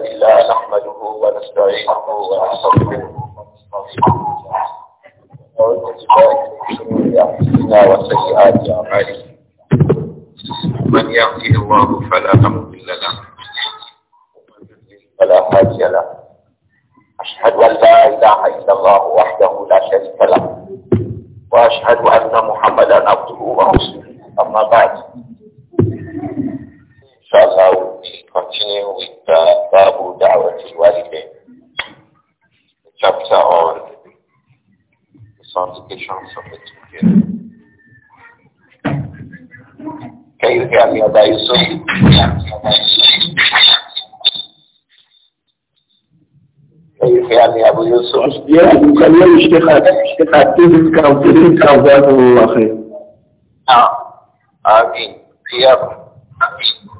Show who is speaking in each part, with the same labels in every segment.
Speaker 1: الحمد نحمده ونستعينه ونستغفره ونعوذ بالله من شرور الله فلا مضل له ومن يضلل فلا هادي له اشهد ان لا اله الا الله وحده لا شريك له واشهد ان محمدا عبده ورسوله اما بعد وخليه يشتي خاتم كاوترين كاوزاكم الله خير نعم آمين إياكم آمين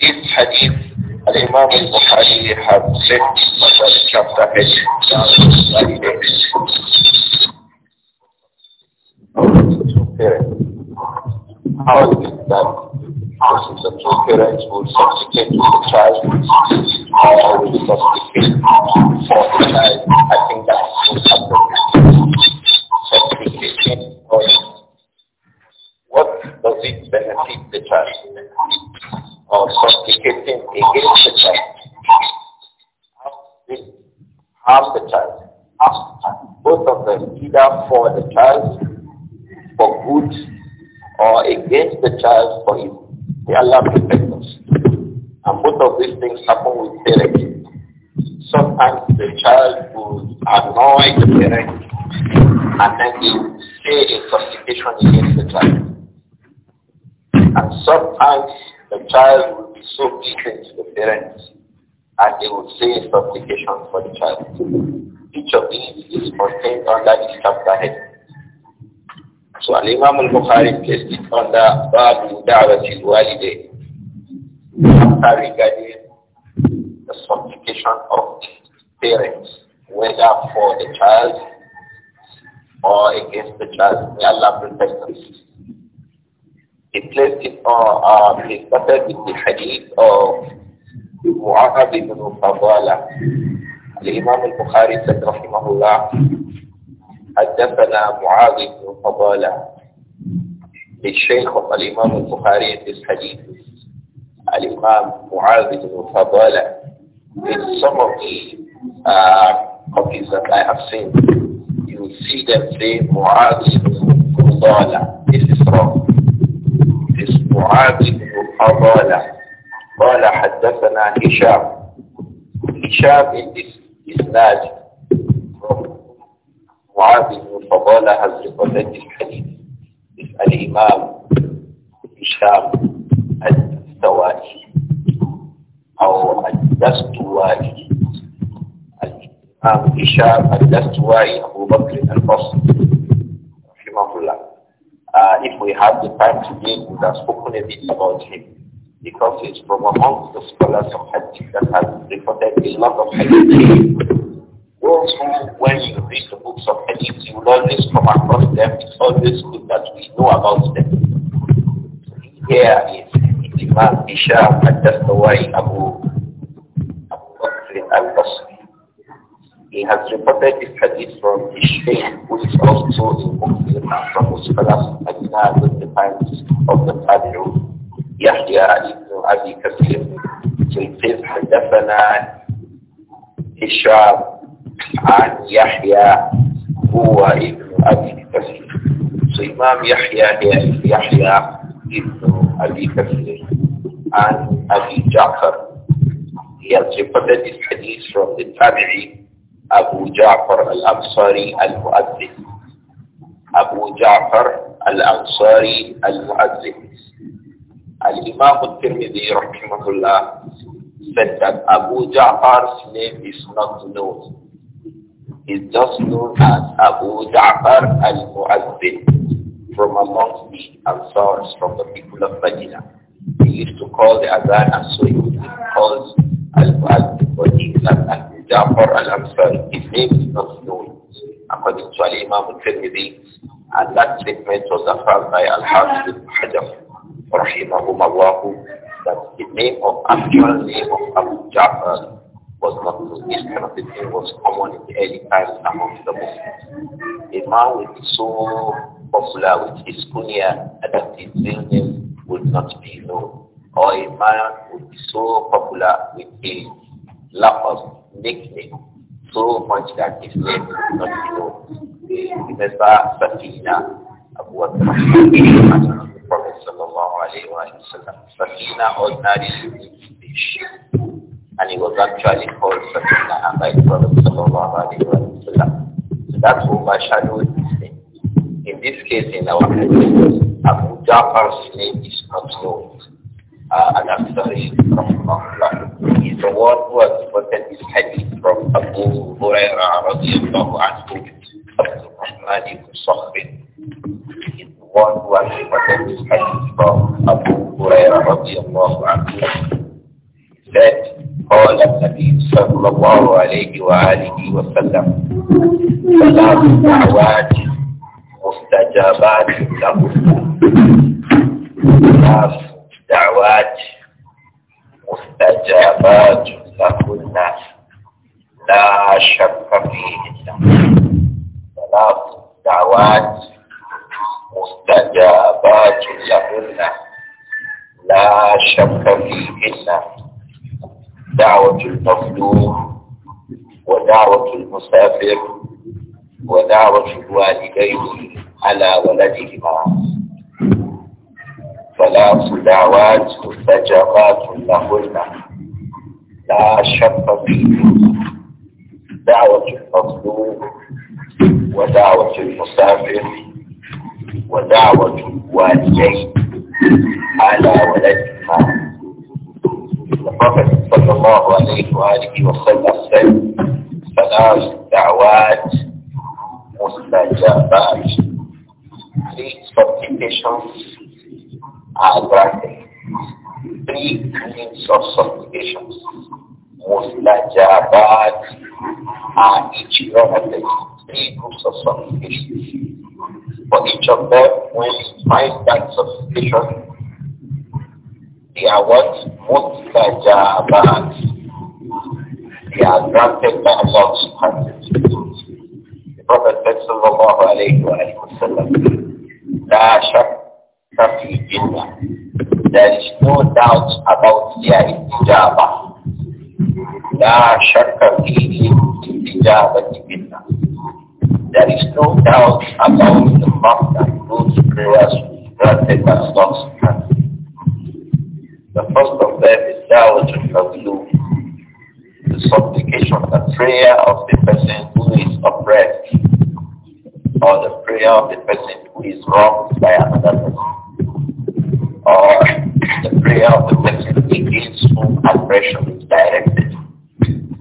Speaker 1: This hadith, Al-Imam al-Bukhari has written under the chapter heading, Our says supplication for the child. Each of these is contained under this chapter head. So Al Imam al Bukhari placed it under Babu Da'wati al Waliday. After regarding the supplication of parents, whether for the child or against the child. May Allah protect us. He placed it on, uh, he started with the hadith of معاذ بن فضالة الإمام البخاري رحمه الله حدثنا معاذ بن فضالة الشيخ الإمام البخاري في الحديث الإمام معاذ بن فضالة in some of the uh, copies that I have seen, you will see them say Mu'adh ibn Fudala. This is wrong. It is Mu'adh ibn Fudala. قال حدثنا هشام هشام in this isnad from معاذ بن فضالة has recorded this hadith is الإمام هشام الدستوائي أو الدستوائي الإمام هشام الدستوائي أبو بكر البصري رحمه الله Uh, if we have the time today, we would have spoken a bit about him because it's from amongst the scholars of hadith that have recorded a lot of hadith. Those who, when you read the books of hadith, you will always come across them. It's always good that we know about them. Here is Imam Isha al-Dastawai Abu, Abu Bakr al-Basri. He has reported this hadith from Ishmael, who is also a Muslim from the scholars of Medina, the times of the Tabi'un. يحيى ابن أبي كثير تلقيف حدثنا هشام عن يحيى هو ابن أبي كثير الإمام يحيى يحيى ابن أبي كثير عن أبي جعفر He has reported this hadith from the Tabi'i Abu Ja'far al-Ansari al-Mu'adzim. Abu Ja'far al-Ansari al-Mu'adzim. Al-Imam al-Tirmidhi rahimahullah said that Abu Ja'far's name is not known. It's just known as Abu Ja'far al-Mu'azzin from amongst the Ansars, from the people of Medina. He used to call the Adhan and so he would call al-Mu'azzin, but he is Abu Ja'far al Ansar. His name is not known, according to Al-Imam al-Tirmidhi, and that statement was affirmed by Al-Hafiz al rahimahumullah, that the name of actual name of Abu Ja'far was not known. This kind of was common in the early times among the Muslims. A man with so popular with his kunya that his real name would not be known, or a man would be so popular with a lack of nickname so much that his name would not be known. Remember Sakina, Abu Abdullah, sallallahu alayhi wa sallam. Sakina fish. And it was actually called Sakina by the Prophet sallallahu alayhi wa sallam. So In this case, in our hadith, Abu Jafar's name is not known. Uh, and I'm sorry, from Allah. He's the one who has reported hadith from Abu Hurairah radiallahu anhu. عبد الرحمن بن صخر هو الحكمة في حديث أبو هريرة رضي الله عنه ذات قال النبي صلى الله عليه وآله وسلم
Speaker 2: ثلاث دعوات
Speaker 1: مستجابات له ثلاث دعوات مستجابات له الناس لا شك فيهن ثلاث دعوات مستجابات لهن لا شك فيهن دعوة المظلوم ودعوة المسافر ودعوة الوالدين على ولدهما ثلاث دعوات مستجابات لهن لا شك فيهن دعوة المظلوم ودعوة المسافر ودعوة والديه على ولدهما The Prophet sallallahu alayhi wa alihi wa sallam said, Salam da'wat mustajabat. Three supplications are granted. Three kinds of supplications. Mustajabat are each one of the three groups of supplications. For each of them, with we find that substitution, they are what? most uh, about. They are granted by Allah The Prophet said sallallahu alayhi wa sallam, La shakka fi jinnah. There is no doubt about their ijabah. La shakka fi ijabah jinnah. There is no doubt about the fact that prayers will be granted as God's granted. The first of them is doubt and Fadlu, the supplication, the prayer of the person who is oppressed, or the prayer of the person who is wronged by another person, or the prayer of the person against whom aggression is directed.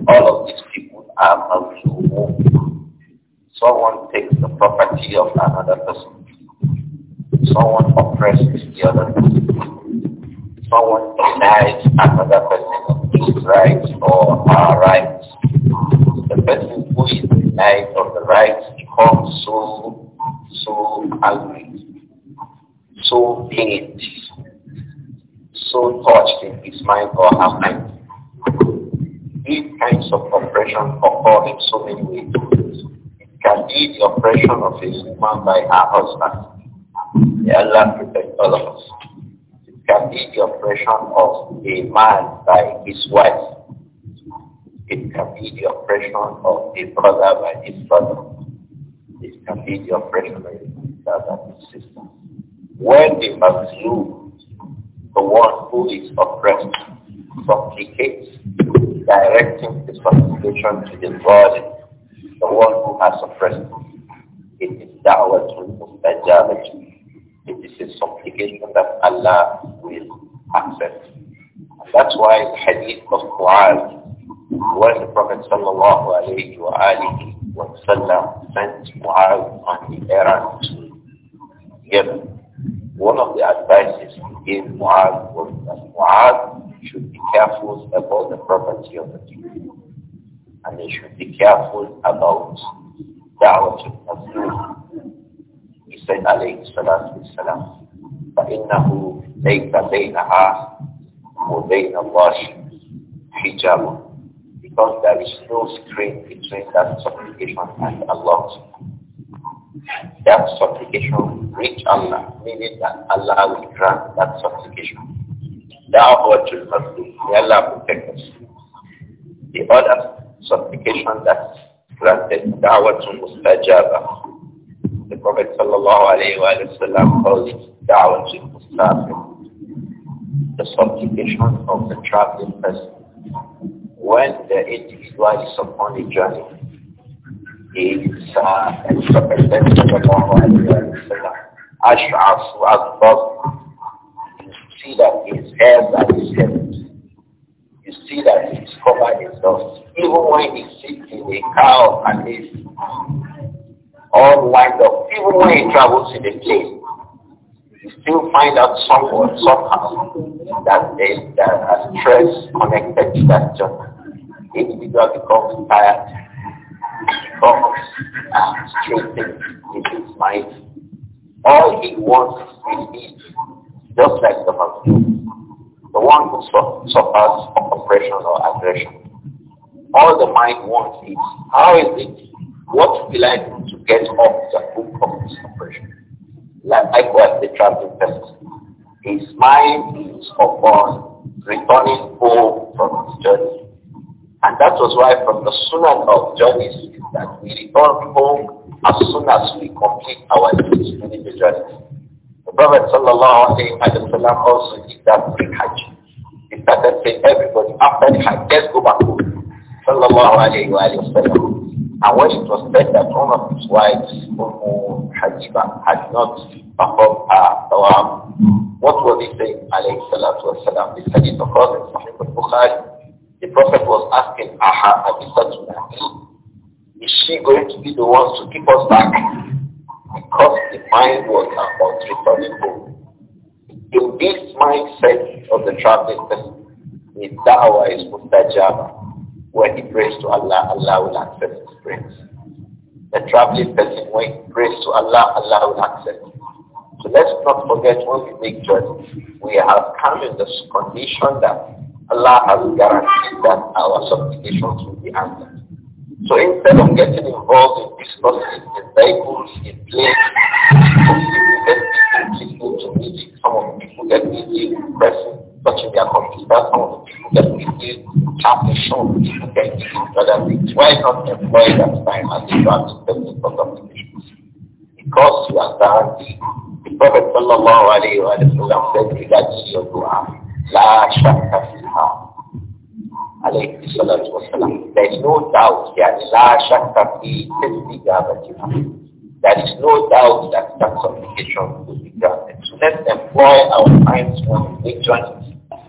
Speaker 1: All of these people are Fadlu. Someone takes the property of another person. Someone oppresses the other person. Someone denies another person his rights or our rights. The person who is denied of the rights becomes so, so angry, so pained, so touched in his mind or her mind. These kinds of oppression occur in so many ways can be the oppression of a woman by her husband. May Allah protect all of us. It can be the oppression of a man by his wife. It can be the oppression of a brother by his brother. It can be the oppression of a sister by his sister. When the Muslim, the one who is oppressed, supplicates, directing his supplication to the body the one who has suppressed it is da'watul mustajabah. It is a supplication that Allah will accept. And that's why the hadith of Mu'az, where the Prophet sallallahu alayhi wa alihi wa sallam sent Mu'az on the errand to Yemen. One of the advices he gave Mu'az was that Mu'az should be careful about the property of the people and they should be careful about da'watul mazlum. He said, alayhi salatu wasalam, فَإِنَّهُ لَيْسَ بَيْنَهَا وَبَيْنَ اللَّهِ حِجَابٌ Because there is no screen between that supplication and Allah. That supplication reach Allah, meaning that Allah will grant that supplication. Da'watul mazlum, may Allah protect us. The other supplication that's granted. Da'watun mustajaba. The Prophet sallallahu alayhi wa sallam calls it da'watun mustajaba. The supplication of the traveling person. When the individual is upon a journey, He is uh, expected sallallahu alayhi wa sallam. Ash'asu as-sabr. You see that his hair is heavy. You see that he's covered in dust even when he sits in a car and is all wind up, even when he travels in a plane, he still find out somewhat, somehow, that there is a stress connected to that job. Individual becomes tired, becomes uh, straightened in his mind. All he wants is peace, just like the man, the one who suffers from oppression or aggression all the mind wants is, how is it? What will I do to get off the hook of this oppression? Likewise, the traveling person. His mind is upon returning home from his journey. And that was why from the sunnah of journeys that we return home as soon as we complete our spiritual journey. The Prophet sallallahu alayhi wa also did that pre-Hajj. He started saying, everybody, after the Hajj, let's go back home sallallahu alayhi wa sallam. And when it was said that one of his wives, Ummu Hajiba, had not performed her tawaf, what was he saying, alayhi salatu wasalam? He said it, of course, in Sahih al-Bukhari. The Prophet was asking, Aha, Abisatuna, is she going to be the one to keep us back? Because the mind was about returning home. In this mindset of the traveling person, his da'wah is mustajaba. When he prays to Allah, Allah will accept his prayers. A traveling person, when he prays to Allah, Allah will accept. So let's not forget when we make journey, we have come in this condition that Allah has guaranteed that our supplications will be answered. So instead of getting involved in discourses, in vehicles, in planes, some people get busy to music, some of people get busy pressing such That's of that we have to show that why not employ that time as you are expecting for something. Because you are starting, the Prophet sallallahu alayhi wa sallam said your dua, la shakka fiha. Alayhi wa sallam. There is no doubt, that la shakka fi There is no doubt that that supplication will be granted. So let's employ our minds on religion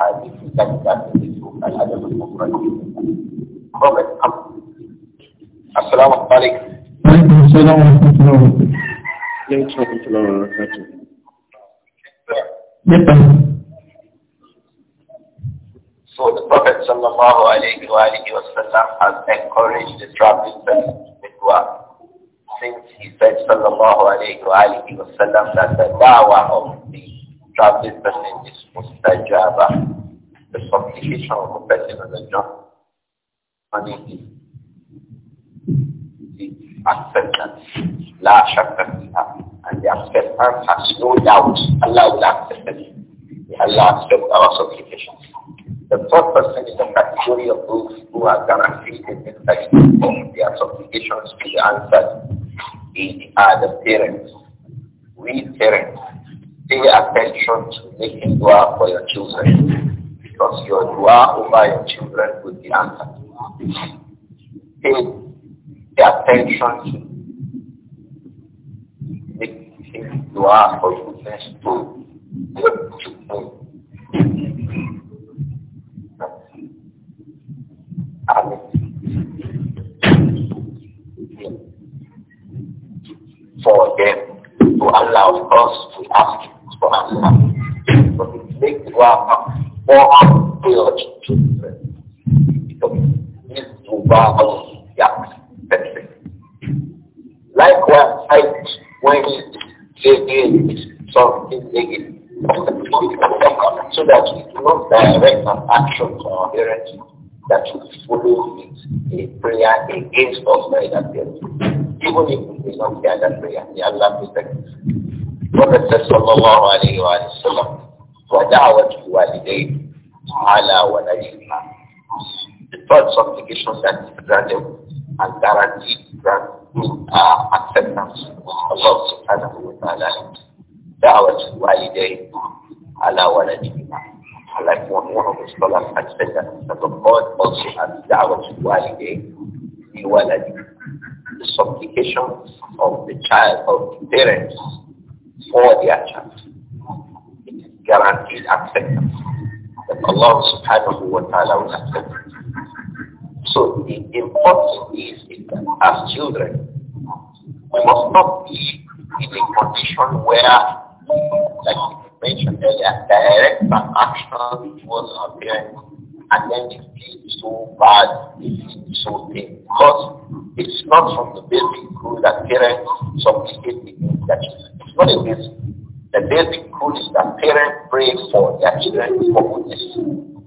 Speaker 1: al al Assalamu So the Prophet sallallahu alayhi wa alihi wasallam has encouraged the traveling person with work since he said sallallahu alayhi wa alihi wasallam that the dawah of the traveling person is mustajaba, uh, the supplication of a person on the job, and it is acceptance, la shakta fiha, and the acceptance has no doubt, allowed acceptance. accept it. Allah accept our supplications. The third person is the category of those who are guaranteed in the of their supplications to be answered. They are the parents. We parents Pay attention to making dua for your children because your dua over your children will be answered. Pay attention to making dua for goodness to your children. For them, to allow us to ask Islam. But it makes more children. young Likewise, I, when he did something negative, so that we do not direct an action to our parents that will follow with a prayer against us by that person. Even if we do not hear that prayer, may Allah protect us. Prophet said sallallahu alayhi wa وَدَعْوَةُ عَلَى The third supplication that is granted and guaranteed where like mentioned earlier, direct action was appearing and then it feel so bad, you feel so pain. Because it's not from the basic rule that parents supplicate the good that children. It's not a basic. The basic rule is that parents pray for their children for goodness.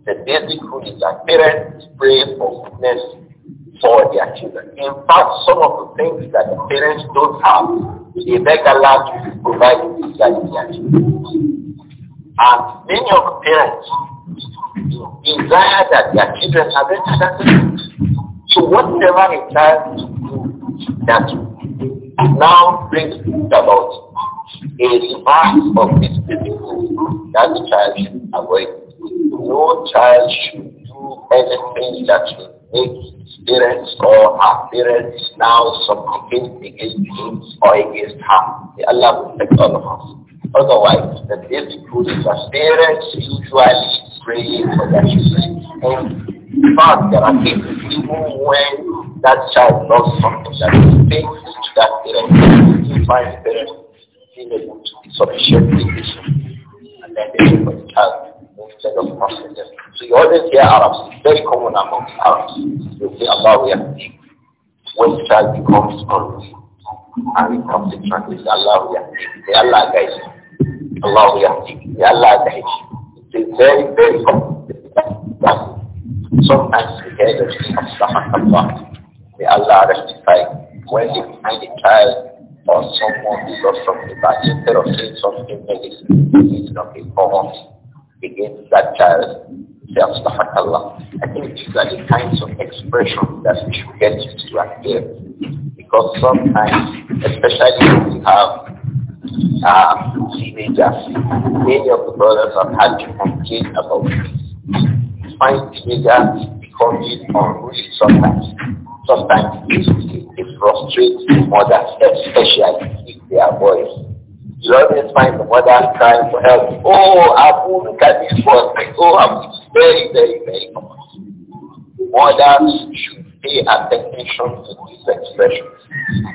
Speaker 1: The basic rule is that parents pray for goodness for their children. In fact, some of the things that the parents don't have they beg Allah to provide this And many of the parents desire that their children are better than them. So whatever a child that now brings about a mass of misbehavior that child should avoid. No child should do anything that should make parents or her parents now supplicate against him or against her. May Allah protect all of us. Otherwise, the difficulty that parents usually pray for their children. In fact, there are cases even when that child knows something that is painful to that parent, you find parents being able to be sufficiently patient and then they will have the child instead of passing so you always hear Arabs. It's very common among Arabs. You say Allah Yahdi. When the child becomes confused and it comes in translation, Allah Yahdi. May Allah guide Allah Yahdi. May Allah guide It's very, very common. Sometimes we hear the Allah. May Allah rectify when they find a child or someone who lost from the back, instead of saying something medicine, it's not a common against that child, say, Astaghfirullah. I think these are the kinds of expressions that we should get used to and give. Because sometimes, especially when we have um, teenagers, many of the brothers have had to complain about this. Find teenagers becoming unruly sometimes. Sometimes it, frustrates mothers, especially if they are boys. You always find the mother trying to help. Oh, Abu, look at this one. Oh, Abu, very, very, very common. Mothers should pay attention to these expressions,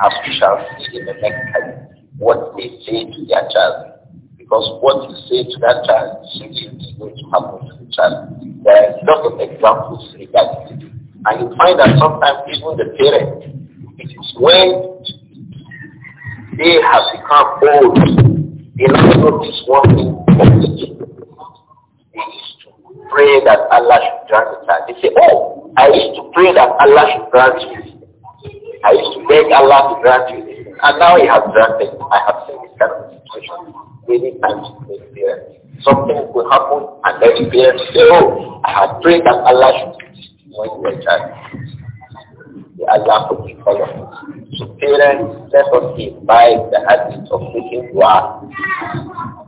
Speaker 1: as we shall see in the next time, what they say to their child. Because what you say to that child really is going to happen to the child. There are a lot of examples regarding it. And you find that sometimes even the parent, it is when they have become old. They now this one thing They used to pray that Allah should grant it. They say, oh, I used to pray that Allah should grant you. I used to beg Allah to grant you this. And now he has granted. I have seen this kind of situation many times with experience. Something will happen and then parents say, oh, I had prayed that Allah should grant me you child the example we follow. So parents, let us imbibe the habit of making dua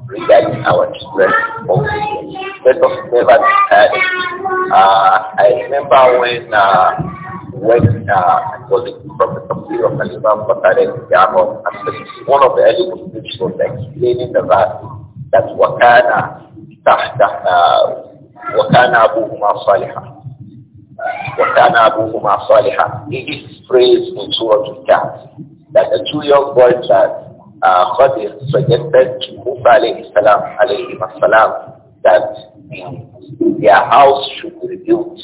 Speaker 1: regarding our children. Let us never tired. Uh, I remember when uh, when uh, was it from the computer of Imam Qatar Jamo, and one of the early Muslims was explaining the verse that Wakana tahta uh, Wakana Abu Huma Salihah وَكَانَ أَبُوهُمَا He is praised in Surah Al-Kahf that the two young boys that uh, Khadir suggested to Musa alayhi salam, alayhi salam that their house should be rebuilt.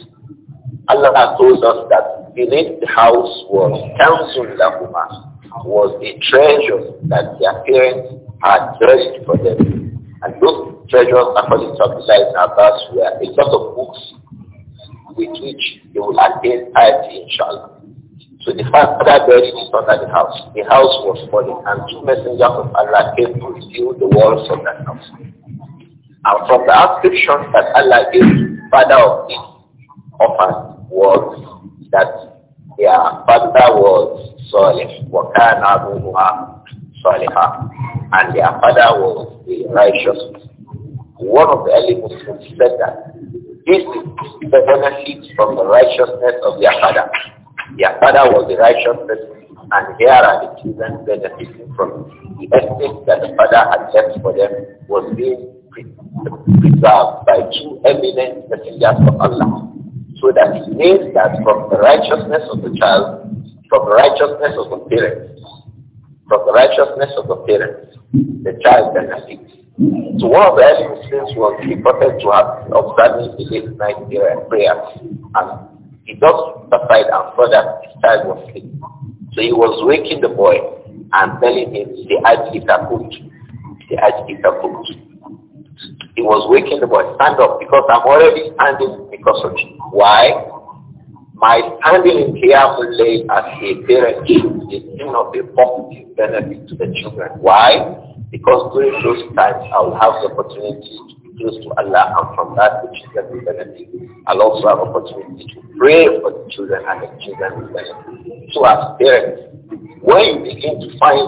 Speaker 1: Allah told us that beneath the house was counsel lahuma, was a treasure that their parents had dressed for them. And those treasures, according to Abdullah Abbas, were a lot of books with which they will attain piety, inshallah. So the father buried it under the house. The house was falling, and two messengers of Allah came to reveal the walls of that house. And from the affliction that Allah gave the father of the orphan was that their father was Salih, وَكَانَ أَبُوهُمَا صَالِحًا And their father was the righteous. One of the early Muslims said that this is the benefit from the righteousness of their father. Their father was the righteous person, and here are the children benefiting from The estate that the father had left for them was being preserved by two eminent messengers of Allah. So that he means that from the righteousness of the child, from the righteousness of the parents, from the righteousness of the parents, the child benefits. So one of the early Muslims was reported to have observed the late night prayer, And he just decided and further that his child was sleeping. So he was waking the boy and telling him, the Ajita cooked. The Ajita cooked. He was waking the boy, stand up because I'm already standing because of you. Why? My standing in Qiyamul Layl as a parent is not a positive benefit to the children. Why? Because during those times, I will have the opportunity to be close to Allah and from that the children will benefit. I'll also have opportunity to pray for the children and the children will benefit. So as parents, when you begin to find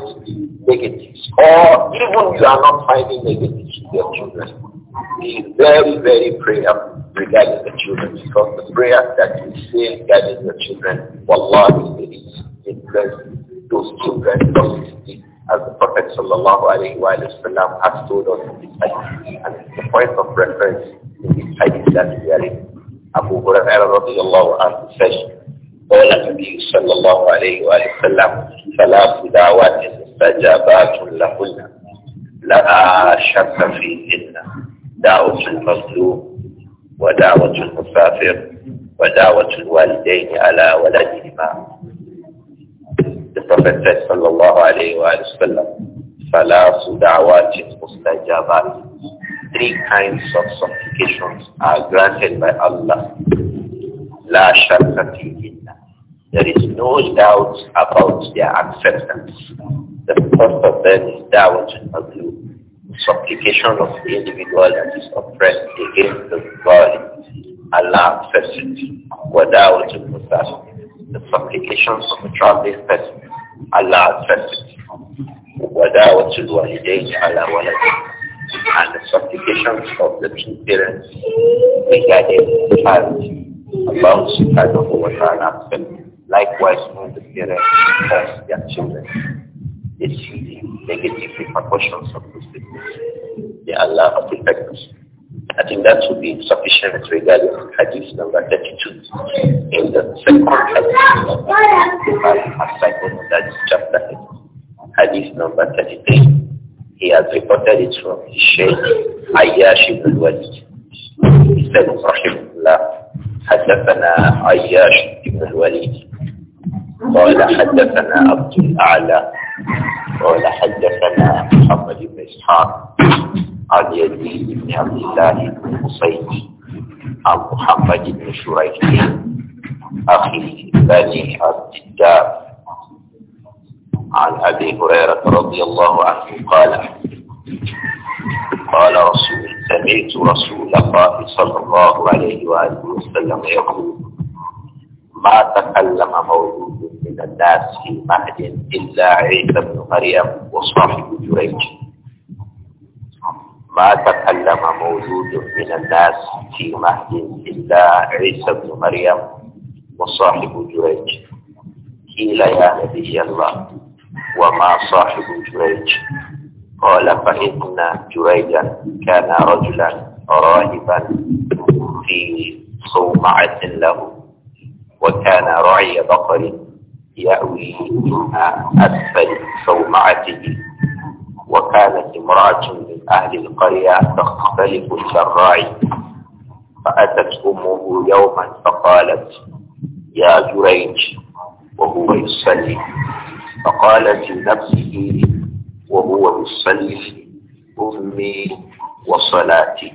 Speaker 1: negatives, or even you are not finding negatives in your children, be very, very prayerful regarding the children because the prayer that you say regarding the children, Wallah, will influence those children positively as the Prophet sallallahu alayhi wa sallam has told us in this hadith. And the point of reference in this hadith that we are in, Abu Hurairah radiallahu anhu says, قال النبي صلى الله عليه وآله وسلم ثلاث دعوات مستجابات لهن لا شك فيهن دعوة المظلوم ودعوة المسافر ودعوة الوالدين على ولدهما Prophet said, sallallahu wa sallam, da'awatin mustajabat. Three kinds of supplications are granted by Allah. La sharkati There is no doubt about their acceptance. The first of them is doubt and supplication of the individual that is oppressed against the body. Allah accepts it. Without the supplications of the traveling person Allah accepts it. وَدَعْوَةُ الْوَالِدَيْنِ عَلَى وَلَدٍ And the supplications of the two parents regarding the child. Allah subhanahu wa ta'ala accepts Likewise, when the parents curse their children, they see the negative repercussions of those things. May Allah protect us. I think that would be sufficient regarding hadith number 32. In the second hadith chapter, hadith number 33, he has reported it from his Shaykh Ayyash ibn Walid. He said, Rahimullah, حدثنا عياش بن الوليد قال حدثنا عبد الأعلى قال حدثنا محمد بن إسحاق عن يزيد بن عبد الله بن حسين عن محمد بن شريح أخي بني عبد الدار عن أبي هريرة رضي الله عنه قال قال رسول سمعت رسول الله صلى الله عليه وآله وسلم يقول ما تكلم مولود من الناس في مهد إلا عيسى بن مريم وصاحب جريج ما تكلم موجود من الناس في مهد إلا عيسى بن مريم وصاحب جريج قيل يا نبي الله وما صاحب جريج قال فإن جريجا كان رجلا راهبا في صومعة له وكان رعي بقر يأوي من أسفل صومعته وكانت امرأة أهل القرية تختلف الشراع فأتت أمه يوما فقالت يا جريج وهو يصلي فقالت لنفسه وهو يصلي أمي وصلاتي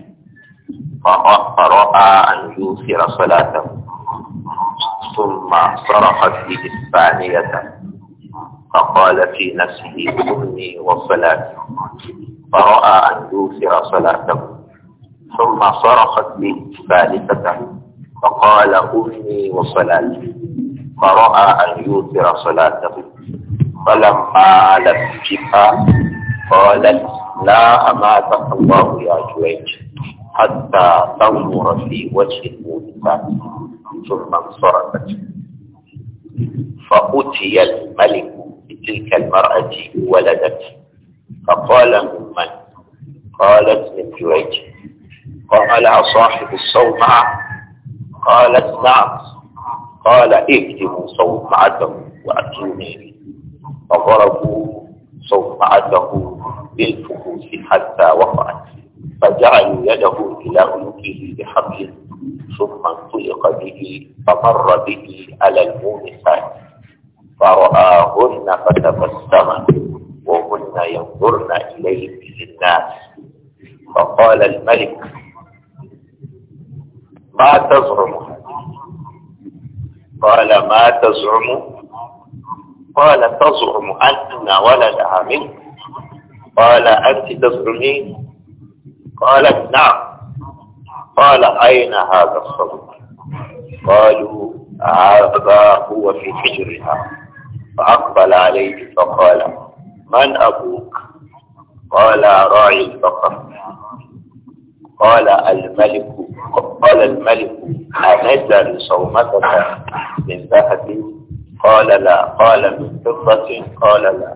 Speaker 1: فرأى أن يوثر صلاته ثم صرخت به الثانية فقال في نفسه أمي وصلاتي فرأى أن يوفر صلاته ثم صرخت به ثالثة فقال أمي وصلاتي فرأى أن يوفر صلاته فلما علت بها قالت لا أماتك الله يا جويج حتى تنظر في وجه الموتى ثم انصرفت فأتي الملك بتلك المرأة ولدت فقال من قالت من جريج قال أصاحب الصومعة قالت نعم قال اكتبوا صومعته وأتوني فضربوا صومعته بالفقوس حتى وقعت فجعلوا يده إلى عنقه بحبل ثم انطلق به فمر به على المومسات فرآهن فتبسم ينظرن إليه الناس فقال الملك ما تزعم قال ما تزعم قال تزعم أن ولدها منك قال أنت تزعمين قالت نعم قال أين هذا الصدق قالوا هذا هو في حجرها فأقبل عليه فقال من أبوك قال راعي البقر قال الملك قال الملك أنزل صومتك من ذهب قال لا قال من فضة قال لا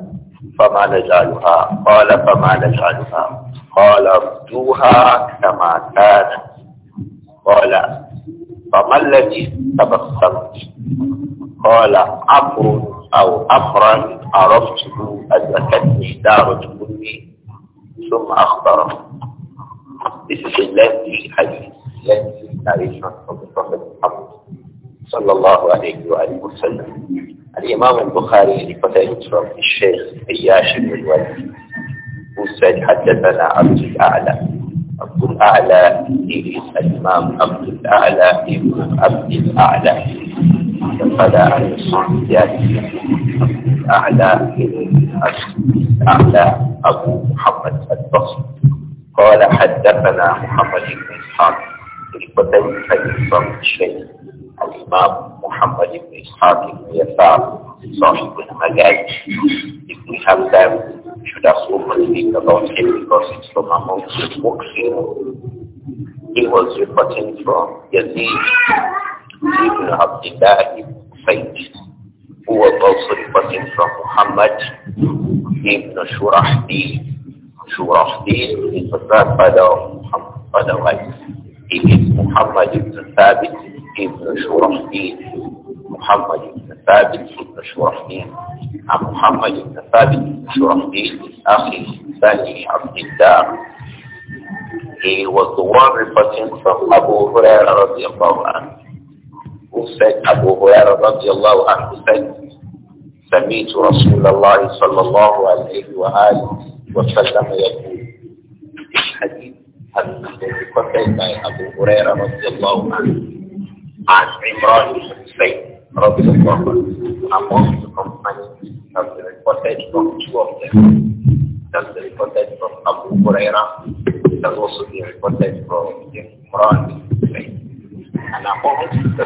Speaker 1: فما نجعلها قال فما نجعلها قال ردوها كما كانت قال فما الذي تبصرت قال عفو أو أمرا عرفته أدركتني دار كله ثم أخبره This is a lengthy hadith, lengthy narration from the Prophet Muhammad صلى الله عليه وآله وسلم. الإمام البخاري reported from his Sheikh Iyash ibn al-Walid who said حدثنا عبد الأعلى عبد الأعلى is الإمام عبد الأعلى ابن عبد الأعلى قد أعلى الصعوديات أعلى أعلى أبو محمد البصري قال حدثنا محمد بن إسحاق في بن الشيء الإمام محمد بن إسحاق بن يسار صاحب المجاز ابن حمدان شد time, we should have spoken speak about because it's from amongst his books. He was reporting from Yazid ibn Abdullah ibn Said, who was also reporting from Muhammad ibn Shurahdi. Shurahdi is the grandfather of Muhammad, otherwise he Muhammad ibn Thabit Muhammad ibn Thabit And Muhammad ibn he was the one reporting from Abu Hurairah radiallahu anhu who said Abu Hurairah radiallahu anhu said, سَمِيتُ رسول الله صلى الله عليه وآله وسلم يقول الحديث الذي قتل أبو هريرة رضي الله عنه عن عمران بن حسين رضي الله عنه among the company that from two of them from Abu also from Imran and among the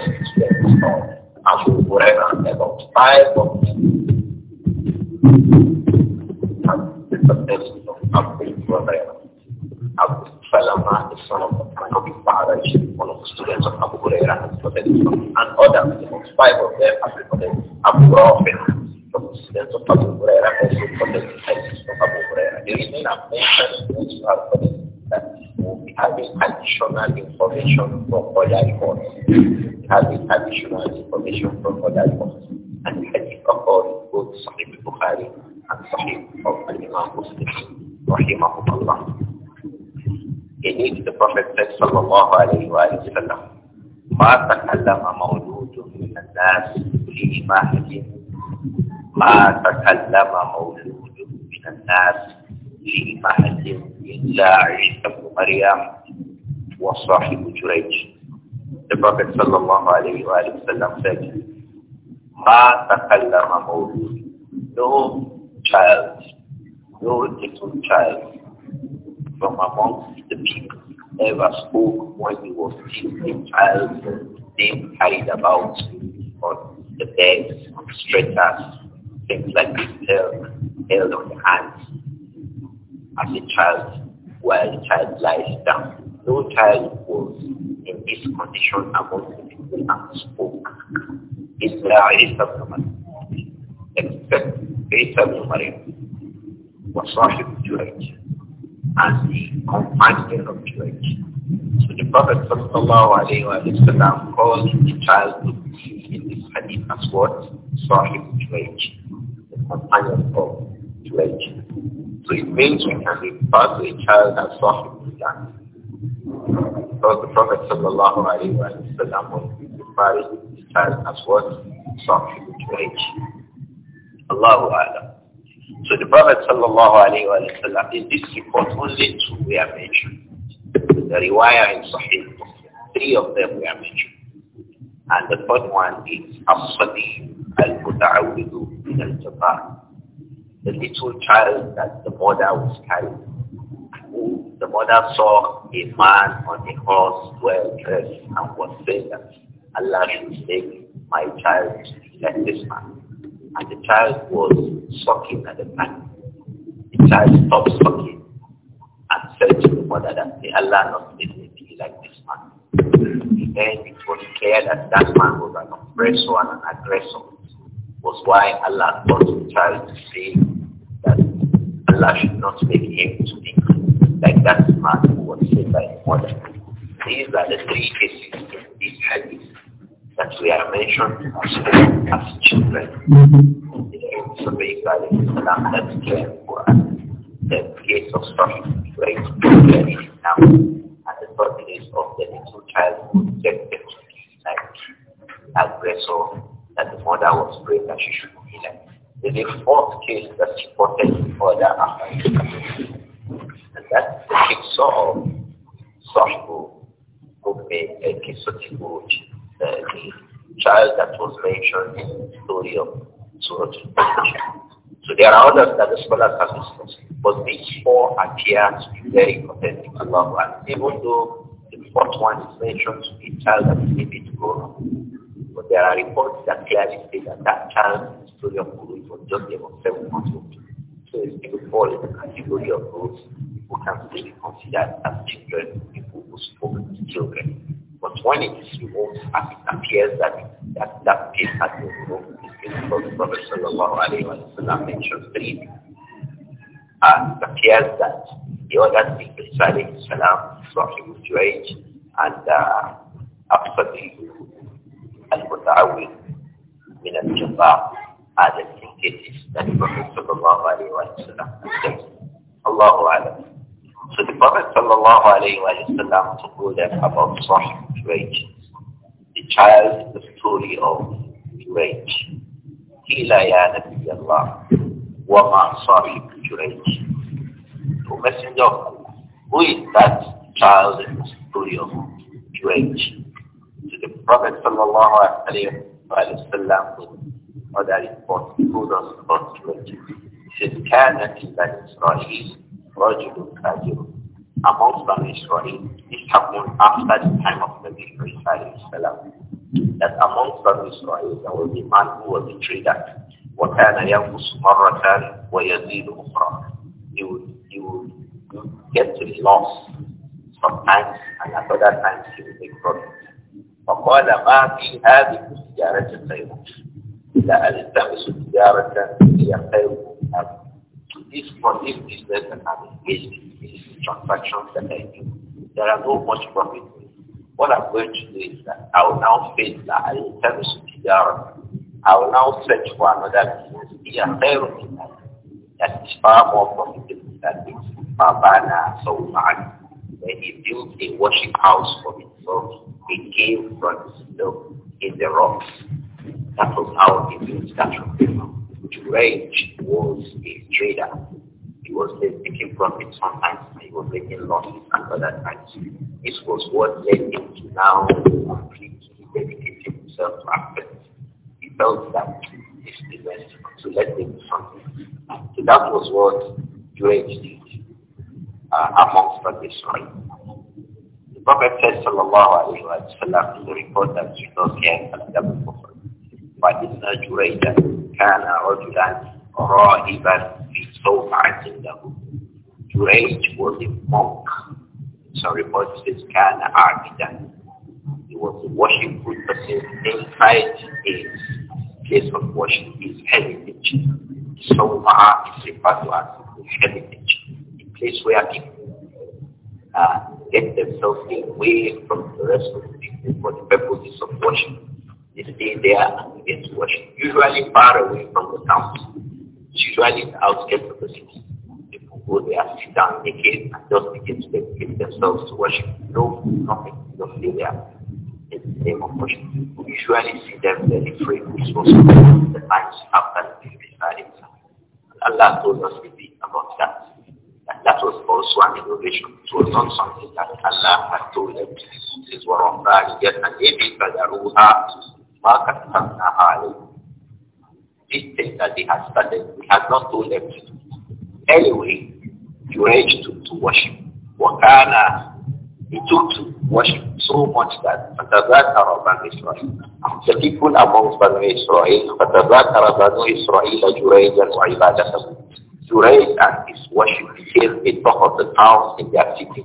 Speaker 1: hadith of Abu Hurairah about five of them. And the of Abu Hurairah. Abu Salama, is son of Abu Faraj, one of the students of Abu Hurairah, and others, about five of them, have reported Abu Rafi, from the students of Abu Hurairah, also from the descendants of Abu Hurairah. The reason I've mentioned this are for that will have additional information from other reports. هذه هذه شنو هذه الانفورميشن فروم فور ذات عن الحديث القاري قول صحيح البخاري عن صحيح الامام مسلم رحمه الله يعني the Prophet said صلى الله عليه وآله وسلم ما تكلم مولود من الناس في ما تكلم مولود من الناس لإباحته إلا عيسى بن مريم وصاحب جريج The Prophet sallallahu alayhi wa sallam said, Ma takallama No child, no little child from amongst the people ever spoke when he was still a child, being carried about on the beds, on stretchers, things like this, held, held on the hands as a child while the child lies down. No child was in this condition about the people and spoke. إلا عيسى بن مريم except عيسى بن was وصاحب جريج and the companion of Juraj. So the Prophet sallallahu alayhi wa sallam calls the child in this hadith as what? Sahib Juraj, the companion of Juraj. So it means we can refer to a child as Sahib Juraj because the Prophet sallallahu alaihi wasallam was referring as what something age. Allahu alam. So the Prophet sallallahu alaihi wasallam in this report only two were mentioned. The riwaya in Sahih, three of them were mentioned, and the third one is as-sadi al-muta'awwidu al-jabar, the little child that the mother was carrying who the mother saw a man on a horse well dressed and was saying that Allah should make my child like this man. And the child was sucking at the time. The child stopped sucking and said to the mother that may Allah not make me be like this man. In the end, it was clear that that man was an oppressor and an aggressor. Was why Allah caused the child to say that Allah should not make him to be like that man who was saved by his mother. These are the three cases in this hadith that we are mentioned as, as children. So basically, it's not that clear for us. The case of suffering, right? Now, and the third case of the little child who rejected like aggressor that the mother was praying that she should be like. The fourth case that supported the the after that qissa of Sahbu Hubbi and Qissati Buruj, the child that was mentioned in the story of Surah So there are others that the scholars have discussed, but these four appear to be very authentic to Allah. And even though the fourth one is mentioned to be a child that is maybe to go wrong, but there are reports that clearly say that that child in the story of Buruj was just about seven months old. So it's still fall in the category of those people can really consider as children, people who spoke to children. But when it is removed, it appears that that, that case has been removed, this because the Prophet sallallahu alayhi wa sallam mentioned three. And it appears that the other thing is alayhi salam from him to age and uh, the al-muta'awil min al-jabbar are the three cases that the Prophet sallallahu alayhi wa sallam said. Allahu alayhi so the Prophet sallallahu alayhi wa to told them about Sahih Rage, the child, the story of Rage. قيل يا Allah, wa ma Sahih جريج O Messenger of Allah, who is that child in the story of Juraj? So the Prophet sallallahu alayhi wa sallam other reports told us about Juraj. He said, كان في بني Rajul Rajul. Amongst Bani Israel, this happened after the time of the Prophet Isa that amongst Bani Israel there was a man who was a trader. وَكَانَ يَنْقُصُ مَرَّةً وَيَزِيدُ أُخْرَى He would, he would get to loss sometimes and at other times he would make profit. فقال ما في هذه التجارة خير إلا التمس تجارة هي خير if forgive this person and engage in these transactions that I do, there are no much profit. What I'm going to do is that I will now face that I will tell the I will now search for another business here, there, in that. That is far more profitable than this. Babana so Sauman. Then he built a worship house for himself. He came from his in the rocks. That was how he built that rock. Rage was a trader. He was taking profit sometimes, he was making losses at other times. This was what led him to now completely dedicate himself to aspect. He felt that this business, so let him do something. So that was what Juraj did uh, amongst others, right? The Prophet says, sallallahu alayhi wa sallam, in the report that we but it's not جُرَيْدًا كان رجلا راهبا في صومعة له Drake was a monk. Sorry, but this kind of He was a washing person inside his place of worship, his heritage. Soma is referred to as his heritage, the place where people uh, get themselves away from the rest of the people for the purposes of worship. They stay there is usually far away from the town. It's usually the outskirts of the city. People go there, sit down, naked, and just begin to dedicate themselves to worship. No food, nothing, just stay there. It's the name of worship. We usually see them very free frequently also the times after the Israel. Allah told us a bit about that. And that was also an innovation. It was not something that Allah had told them. This is what Allah did, and they did, but ما كتبناها عليه This thing that they had started, we had not told them Anyway, he urged to, worship. Wakana, he took to worship so much that فتذكر بني إسرائيل. The people amongst بني إسرائيل فتذكر بني إسرائيل جريجا وعبادته. Jurayj and his worship became the talk of the town in their city.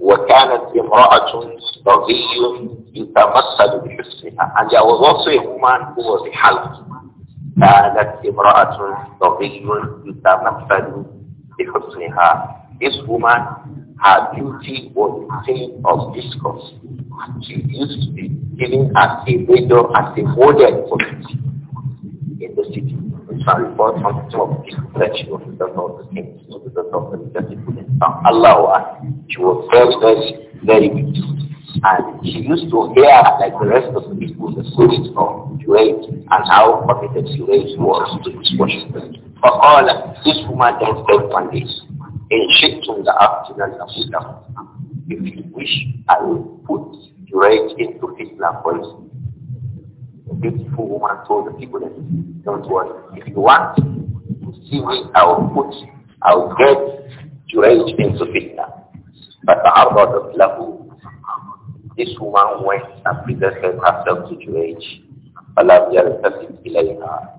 Speaker 1: وكانت امرأة رضي يتمثل بحسنها and there was also a woman who was a halal كانت امرأة رضي يتمثل بحسنها this woman her beauty was a thing of discourse she used to be given as a window as a model for in the city and report on top that she was the Lord King, she was the Lord that he Allah. She was very, very, very good. And she used to hear, like the rest of the people, the stories of Juwait and how committed Juwait was to this worship. For all, this woman then said one day, in shifting the afternoon of Islam, if you wish, I will put Juwait into Islam for you beautiful woman told the people that don't worry. If you want to see me, I will put, I will get Juraj into fitna. But the Arbat of Lahu, this woman went and presented herself to Juraj. Allah ilayha.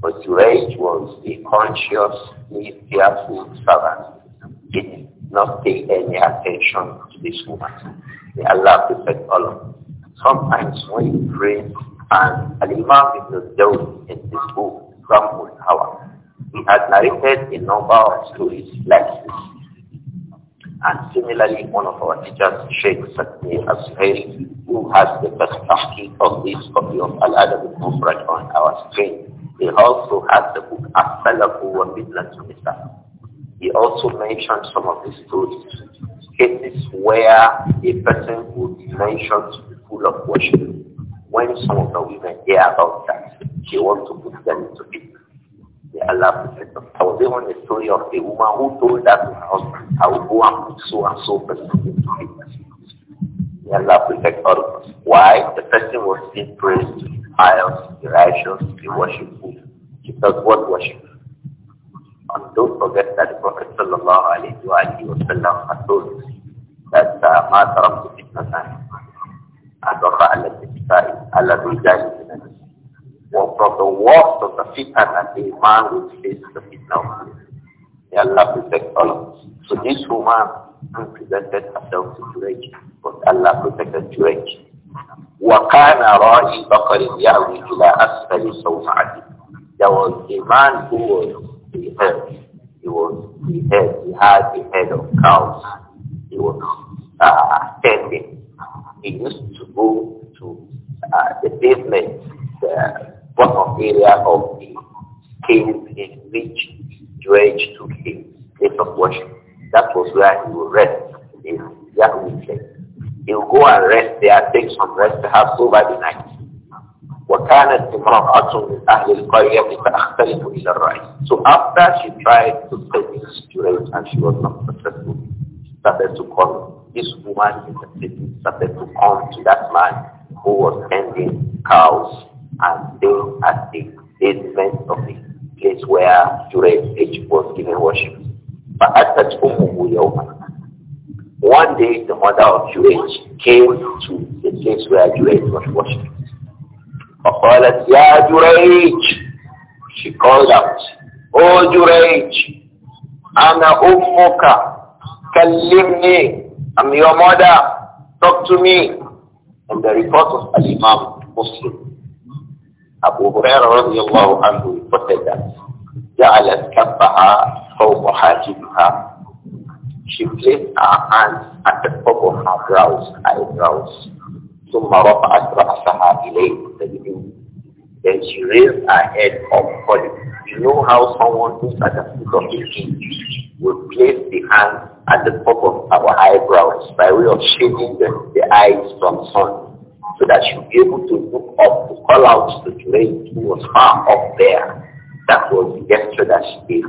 Speaker 1: But Juraj was a consciously fearful servant. He did not pay any attention to this woman. May Allah protect all of Sometimes when you pray and Al-Imam Ibn Jawzi in this book, Samul Hawa, he has narrated a number of stories like this. And similarly, one of our teachers, Sheikh Satni Ashairi, who has the copy of this copy of Al-Adab al-Mufrad on our screen, he also has the book As-Salafu wa Bidlatu Islam. He also mentioned some of these stories, cases where a person would mention full of worship when some of the women hear about that, she wants to put them to sleep. They allow protect them. I was even a story of a woman who told that to her husband, I will go and put so and so person into sleep. May Allah protect all of us. Why? The person was being praised, pious, the righteous, the worshipful. He felt what worship. And don't forget that the Prophet sallallahu alayhi wa alayhi wa sallam had told us that مَا تَرَمْتُ فِتْنَةً أَدْرَى عَلَى الْإِسْتَاءِ Allah will guide you. Well, from the worst of the fitna that a man will face the fitna of May Allah protect all of us. So this woman presented herself to Jurek, but Allah protected Jurek.
Speaker 2: وَكَانَ رَاهِ بَقَرٍ
Speaker 1: يَعْوِي إِلَىٰ أَسْفَلِ سَوْفَعَتِهِ There was a man who was the head. He was the head. He had the head of cows. He was uh, tending. He used to go to uh, the basement, the bottom area of the cave in which George took his place of worship. That was where he would rest in that place. He would go and rest there, take some rest, perhaps over the night. وكانت امرأة من أهل القرية فتختلف إلى الرأي. So after she tried to this Jurel and she was not successful, started to call this woman in the city, started to come to that man who was tending cows and staying at the basement of the place where Juraj was given worship. But at that one day the mother of Juraj came to the place where Juraj was worshipped. she called out oh جريج أنا أمك Kalimni, I'm your mother talk to me in the report of Al-Imam Muslim, Abu Hurairah radiallahu anhu reported that جعلت كفها فوق حاجبها She placed her hands at the top of her brows, eyebrows. ثم رفعت رأسها إليه Then she raised her head up for you know how someone who benefits from of thing will place the hand at the top of our eyebrows by way of shading the, the eyes from sun so that you'll be able to look up to call out to Jurei who was far up there. That was the gesture that she gave.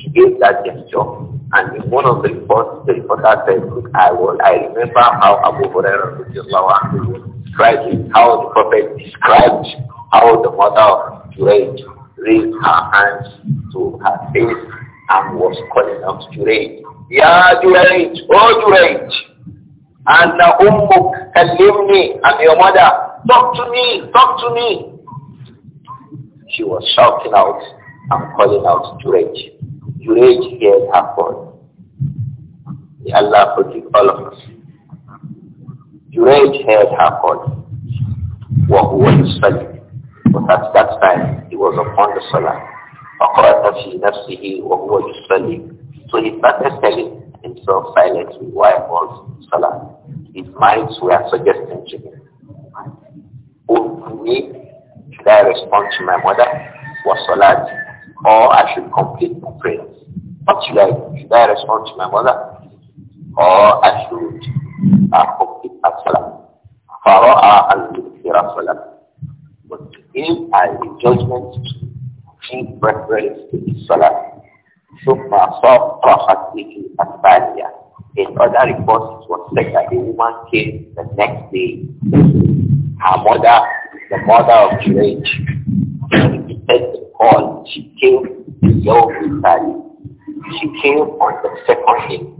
Speaker 1: She gave that gesture. And in one of the reports, the reporter said, look, I, will." I remember how Abu Hurairah described how the Prophet described how the mother of raised her hands to her face and was calling out to Rage. Ya Jurayj, oh Jurayj, Anna ummuk kallimni, me and your mother, talk to me, talk to me. She was shouting out and calling out to Rage. Jurayj heard her call. May Allah forgive all of us. Jurayj heard her call. was يصلي but at that time, he was upon the salah. فَقَرَأَ فِي نَفْسِهِ وَهُوَ يُصَلِّي So he started telling himself silently why was salah. His minds were suggesting to him. Oh, me, should I respond to my mother? for salat? Or I should complete my prayers. What should I do? Should I respond to my mother? Or I should uh, complete my salat? فَرَأَ أَنْ يُكْفِرَ صَلَاتِ if I judgment give preference to the salah, so far saw Prophet at Badia. In other reports, it was said that the woman came the next day. Her mother, the mother of Juraj, repeated the call. She came Yom Tali. She came on the second day.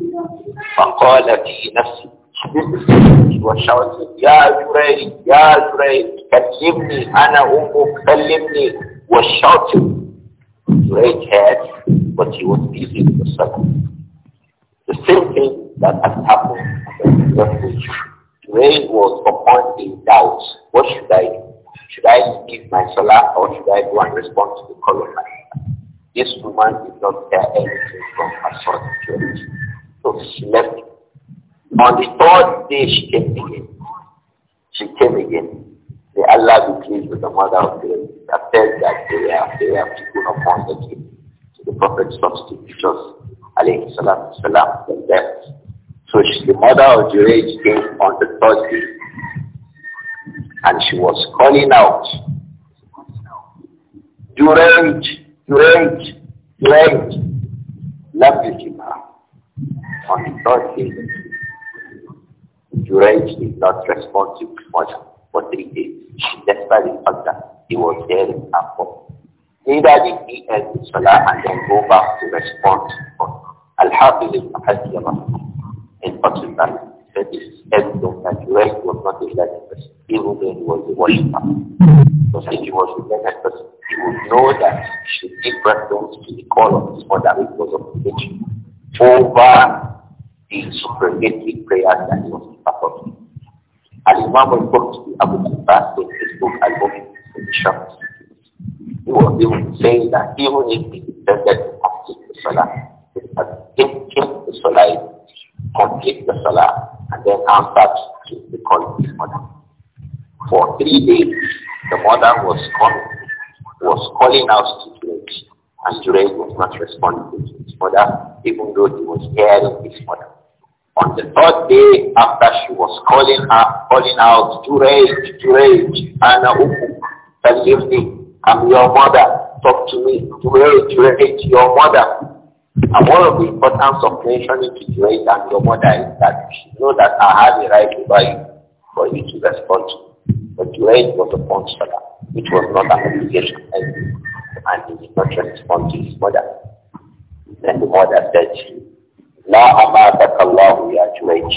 Speaker 1: فقال في نفسه she was shouting, Ya Juraj, Ya Juraj. كلمني أنا أمك كلمني was shouting to eight but he was busy with the serpent. The same thing that had happened in Rain was upon in doubt. What should I do? Should I give my salah or should I go and respond to the call of my? This woman did not care anything from her son's church. So she left. On the third day she came again. She came again. I Allah be pleased with the mother of the that says that they have they go people upon the king. to the Prophet substitutes alayhi salatu salam from them. So she, the mother of Juraj came on the third day and she was calling out, Juraj, Juraj, Juraj, love the Jima On the third day, Juraj did not respond to much for three days despite the fact that he was there and fought. Neither did he end the salah and then go back to respond. Al-Hafiz in particular said this is evident that the rest was not a learned person, even though he was a worshiper. Because if he was a learned person, he would know that he should give reference to the call of his father, which was of religion, over the superlative prayers that he was performing. Al-Imam al-Qurtubi, Abu Bakr, in his book Al-Mumin, in short, he was even saying that even if he intended to complete the Salah, he had taken the Salah, complete the Salah, and then answered to the call of his mother. For three days, the mother was calling, was calling out to Jurek, and Jurek was not responding to his mother, even though he was hearing his mother. On the third day after she was calling her, calling out, Jurej, Jurej, Anna Uku, believe me, I'm your mother, talk to me, Jurej, Jurej, your mother. And one of the importance of mentioning to Jurej and your mother is that she know that I have a right over you for you to respond to. But Jurej was a monster, which was not an obligation and he did not respond to his mother. Then the mother said, لا أماتك الله يا جويج